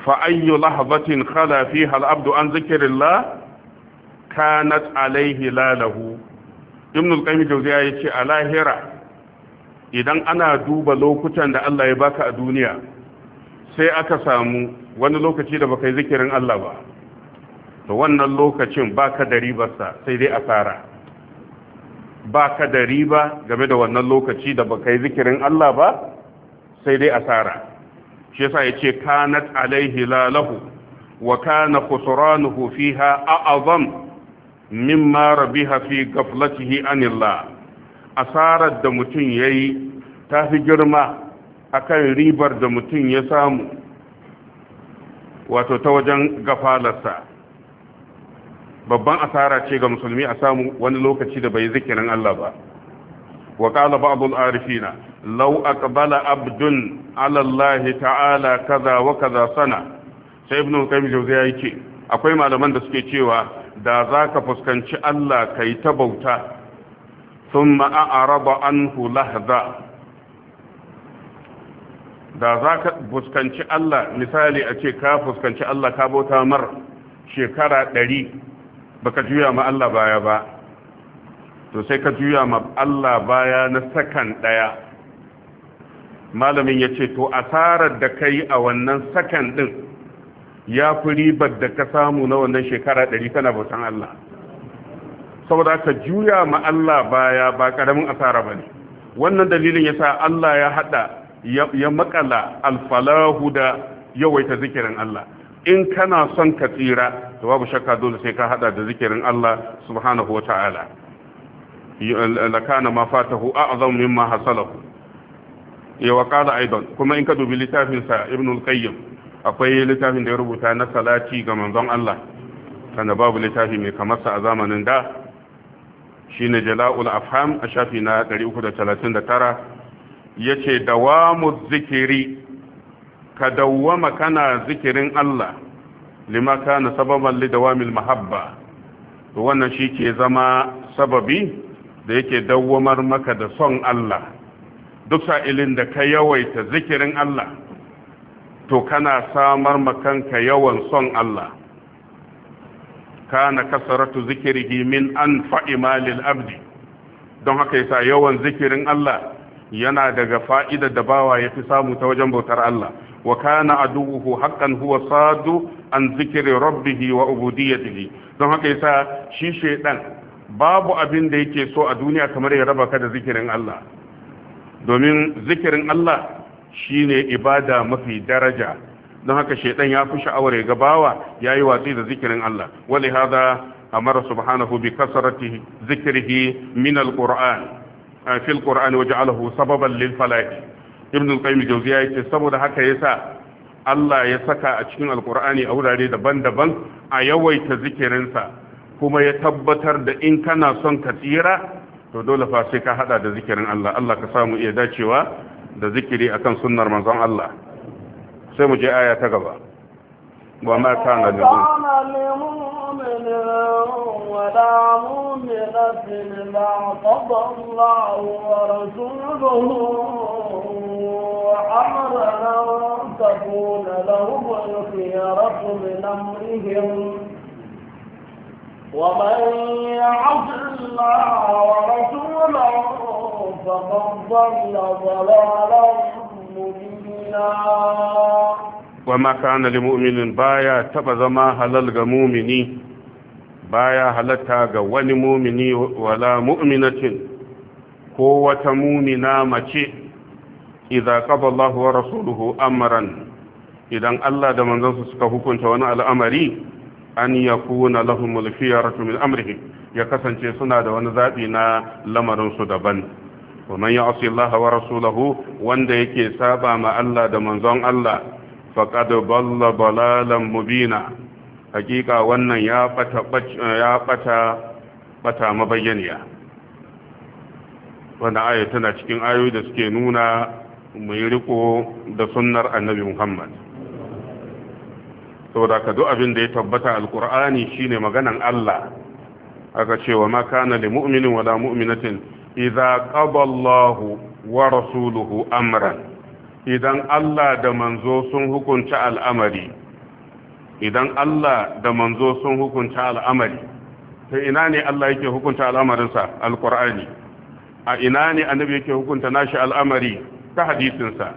fa ayyu lahzatin khala fiha al-abdu an zikrillah kanat alaihi lalahu ibn al-qayyim jawziya yace a lahira idan ana duba lokutan da Allah ya baka a duniya sai aka samu wani lokaci da baka yi zikirin Allah ba to wannan lokacin baka da ribarsa sai dai asara baka da riba game da wannan lokaci da baka yi zikirin Allah ba sai dai asara shi yasa yace kanat alaihi lalahu wa kana khusranuhu fiha a'azam mimma rabiha fi ghaflatihi anillah asarar da mutum ya yi ta fi girma akan ribar da mutum ya samu wato ta wajen gafalarsa babban asara ce ga musulmi a samu wani lokaci da bai zikirin Allah ba wa qala ba'd al-arifina law aqbala abdun ala Allah ta'ala kaza wa kaza sana sai ibn ya yi yake akwai malaman da suke cewa da za ka fuskanci Allah kai ta bauta ثم أعرض عنه لحظة da za ka fuskanci Allah misali a ce ka fuskanci Allah ka bauta mar shekara ɗari baka juya ma Allah baya ba to sai ka juya ma Allah baya na sakan ɗaya malamin ya ce to asarar da ka yi a wannan sakan ɗin ya fi ribar da ka samu na wannan shekara ɗari tana bautan Allah saboda ka juya ma Allah baya ba karamin asara ne. wannan dalilin yasa Allah ya haɗa, ya makala alfalahu da yawaita zikirin Allah in kana son ka tsira to babu shakka dole sai ka haɗa da zikirin Allah subhanahu wataala lakana ma a'zam mimma hasalahu ya wakala aidan kuma in ka dubi littafinsa ibnul qayyim akwai littafin da ya rubuta na salati ga manzon Allah kana babu littafi mai kamarsa a zamanin da Shi ne jala'ul afham a shafi na 339 yace dawamu zikiri ka dawwama kana zikirin Allah limaka na sababan li mil mahabba to wannan ke zama sababi da yake dawwamar maka da son Allah duk sa'ilin da ka yawaita zikirin Allah to kana samar makanka yawan son Allah kana kasaratu zikirihi min fa'i malil abdi don haka yasa yawan zikirin Allah yana daga fa'idar da bawa ya fi samu ta wajen bautar Allah wa kana duhu haqqan huwa sadu an zikri rabbih wa ubudiyyatihi don haka yasa shi shedan babu abin da yake so a duniya kamar ya raba ka da zikirin Allah domin zikirin Allah shine ibada mafi daraja don haka shaidan ya fi sha'awar ya gabawa ya yi watsi da zikirin Allah wani hada amara subhanahu bi kasarati zikirhi min alquran fi alquran alahu sababan lil falaki ibn al-qayyim jawziya yace saboda haka yasa Allah ya saka a cikin alkur'ani a wurare daban-daban a yawaita zikirinsa kuma ya tabbatar da in kana son ka tsira to dole fa sai ka hada da zikirin Allah Allah ka samu iya dacewa da zikiri akan sunnar manzon Allah sai mu je aya ta gaba Ba ma kana lil mu'min wa la ومن يعص الله ورسوله فقد ضل ضلالا مبينا wa ma kana lil mu'minin baya taba zama halal ga mu'mini baya halatta ga wani mu'mini wala mu'minatin ko wata mu'mina mace idza qada Allah wa rasuluhu amran idan Allah da manzansa suka hukunta wani al'amari an yakuna lahumul khiyaratu min amrihi ya kasance suna da wani zaɓi na lamarin su daban wa man ya'si Allah wa wanda yake saba ma Allah da manzon Allah faqad balla balalan mubina hakika wannan ya bata ya bata bata mabayyaniya wannan aya tana cikin ayoyi da suke nuna mai riko da sunnar annabi Muhammad saboda ka duk abin da ya tabbata alqur'ani shine maganan Allah aka ce wa ma kana lil mu'minin wala mu'minatin idza qada Allahu wa rasuluhu amran idan Allah da manzo sun hukunta al'amari idan Allah da manzo sun hukunta al'amari to ina ne Allah yake hukunta al'amarin al'amarinsa alqur'ani a ina ne annabi yake hukunta nashi al'amari ta hadisinsa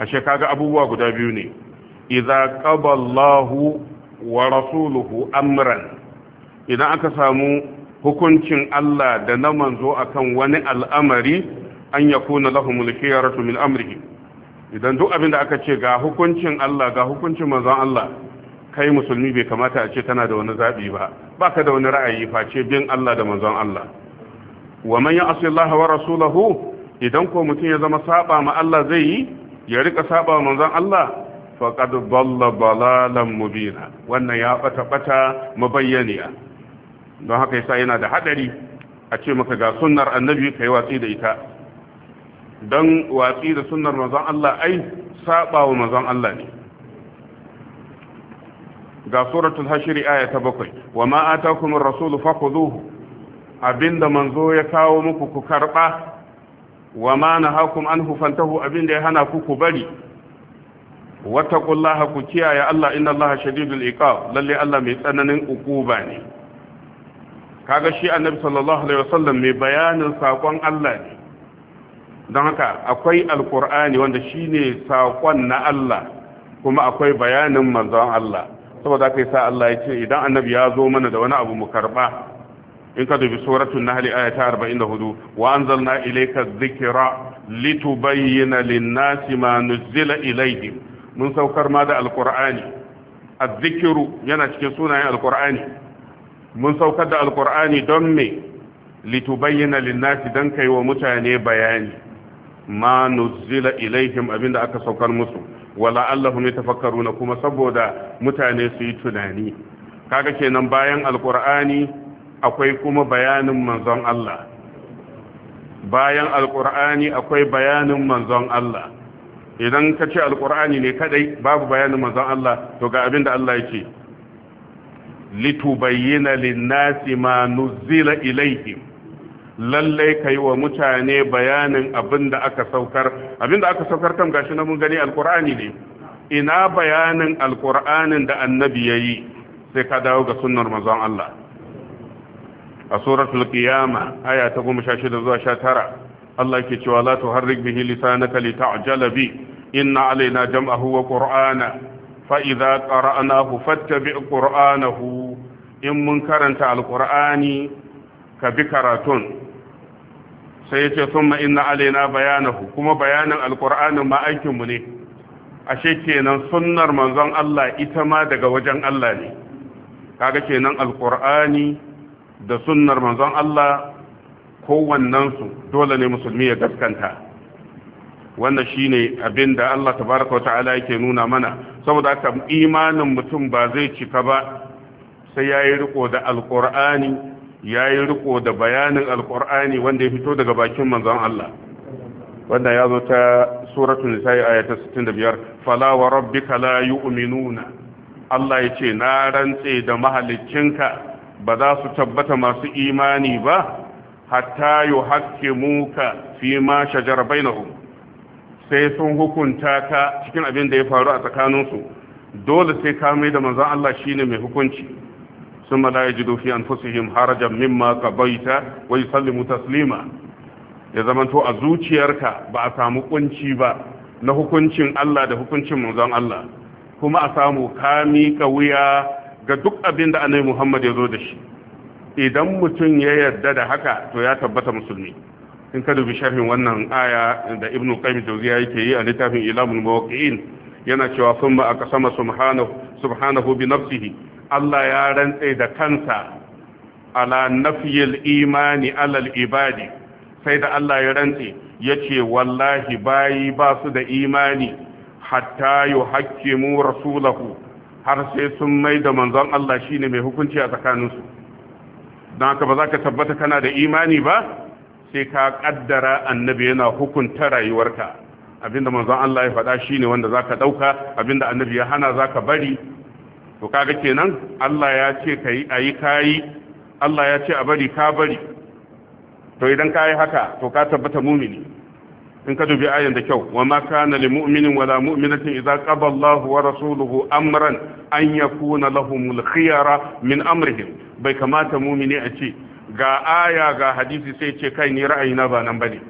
ashe kaga abubuwa guda biyu ne idza qada Allahu wa rasuluhu amran idan aka samu hukuncin Allah da na manzo akan wani al'amari an yakuna lahumul khiyaratu min amrihi idan duk abin da aka ce ga hukuncin Allah ga hukuncin manzon Allah kai musulmi bai kamata a ce tana da wani zabi ba baka da wani ra'ayi face bin Allah da manzon Allah wa man ya'si Allah wa rasulahu idan ko mutum ya zama saba ma Allah zai yi ya rika saba manzon Allah faqad dalla balalan mubina wannan ya fata bata mabayyaniya don haka yasa yana da hadari a ce maka ga sunnar annabi kai watsi da ita don watsi da sunnar manzon Allah ai saba wa manzon Allah ne ga suratul hashri aya ta bakwai wa ma atakumur rasulu fakhuduhu abinda manzo ya kawo muku ku karba wa ma nahakum anhu fantahu abinda ya hana ku ku bari wattaqullaha ku kiyaye Allah inna Allaha shadidul iqab lalle Allah mai tsananin ukuba ne kaga shi annabi sallallahu alaihi wasallam mai bayanin sakon Allah ne don haka akwai alkur'ani wanda shine sakon na Allah kuma akwai bayanin manzon Allah saboda kai sa Allah ya ce idan annabi ya zo mana da wani abu mu karba in ka dubi suratul nahl aya ta 44 wa anzalna ilayka dhikra litubayyana lin-nasi ma nuzila ilayhim mun saukar ma da alkur'ani adh-dhikru yana cikin sunayen alkur'ani mun saukar da alkur'ani don me litubayyana linnasi don kai wa mutane bayani ma nuzila ilaihim abinda aka saukar musu wala allahum yatafakkaruna kuma saboda mutane su yi tunani kaga kenan bayan alkur'ani akwai kuma bayanin manzon Allah bayan alkur'ani akwai bayanin manzon Allah idan ka ce alkur'ani ne kadai babu bayanin manzon Allah to ga abinda Allah yake litubayyana linnasi ma nuzila ilaihim lallai yi wa mutane bayanin da aka saukar da aka saukar kan gashi na mun gani alqur'ani ne ina bayanin alkur'anin da annabi yayi sai ka dawo ga sunnar manzon Allah a suratul qiyama aya ta shida zuwa sha tara. Allah ke cewa la tuharrik bihi lisanaka lita'jala bi inna alaina jam'ahu wa qur'ana fa'iza ƙara'anahu fattabi ƙura'anahu in mun karanta alƙura'ani ka bi karatun sai ya ce sun ma'ina alaina bayanahu kuma bayanin alƙura'anin ma aikinmu ne ashe kenan sunnar manzon Allah ita ma daga wajen Allah ne kaga kenan alƙura'ani da sunnar manzon Allah kowannensu dole ne musulmi ya gaskanta wannan shine abin da Allah tabaraka ta'ala yake nuna mana saboda haka imanin mutum ba zai cika ba sai yayi riko da alqur'ani yayi riko da bayanin alqur'ani wanda ya fito daga bakin manzon Allah wanda ya zo ta suratul nisa'i aya ta 65 fala wa rabbika la yu'minuna Allah ya ce na rantse da mahalicinka ba za su tabbata masu imani ba hatta yuhaqqimuka fi ma shajara bainahum sai sun hukunta ka cikin abin da ya faru a tsakaninsu dole sai ka mai da manzon Allah shi ne mai hukunci sun ma la jido fi anfusihim harajan mimma qabaita wa sallimu taslima ya zamanto a zuciyarka ba a samu kunci ba na hukuncin Allah da hukuncin manzon Allah kuma a samu ka miƙa wuya ga duk abin da annabi Muhammad ya zo da shi idan mutum ya yarda da haka to ya tabbata musulmi in ka dubi shafin wannan aya da ibn qayyim jawziya yake yi a littafin ilamul muwaqqi'in yana cewa summa aqsama subhanahu subhanahu bi nafsihi Allah ya rantsa da kansa ala nafyil imani ala ibadi sai da Allah ya rantsa yace wallahi bayi ba su da imani hatta yuhaqqimu rasulahu har sai sun mai da manzon Allah shine mai hukunci a tsakaninsu don haka ba za ka tabbata kana da imani ba sai ka kaddara annabi yana hukunta rayuwarka abinda manzon Allah ya faɗa shine wanda zaka dauka abinda annabi ya hana zaka bari to kaga kenan Allah ya ce kai ayi kai Allah ya ce a bari ka bari to idan kayi haka to ka tabbata mumini in ka dubi ayan da kyau wa ma kana lil mu'minin wala mu'minatin idza qada Allahu wa rasuluhu amran an yakuna lahumul khiyara min amrihim bai kamata mumini a ce ga aya ga hadisi sai ce kai ni ra'ayi na ba nan bane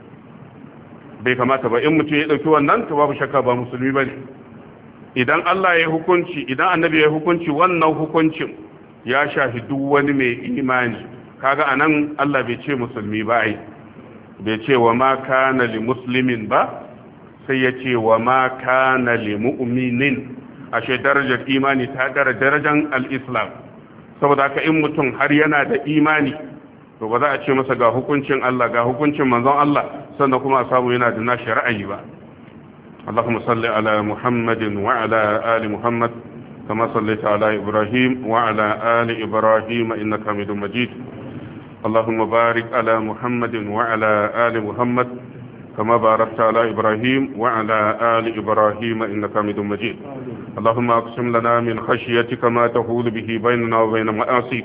bai kamata ba in mutum ya dauki wannan to babu shakka ba musulmi bane idan Allah ya hukunci idan annabi ya hukunci wannan hukuncin ya shafi duk wani mai imani kaga anan Allah bai ce musulmi ba ai bai ce wa ma kana li muslimin ba sai ya ce wa ma kana li mu'minin ashe darajar imani ta dara darajar al-islam saboda haka in mutum har yana da imani to ba za a ce masa ga hukuncin Allah ga hukuncin manzon Allah sannan kuma a samu yana da nashi ra'ayi ba اللهم صل على محمد وعلى آل محمد كما صليت على إبراهيم وعلى آل إبراهيم إنك حميد مجيد اللهم بارك على محمد وعلى آل محمد كما باركت على إبراهيم وعلى آل إبراهيم إنك حميد مجيد اللهم أقسم لنا من خشيتك ما تحول به بيننا وبين مآسيك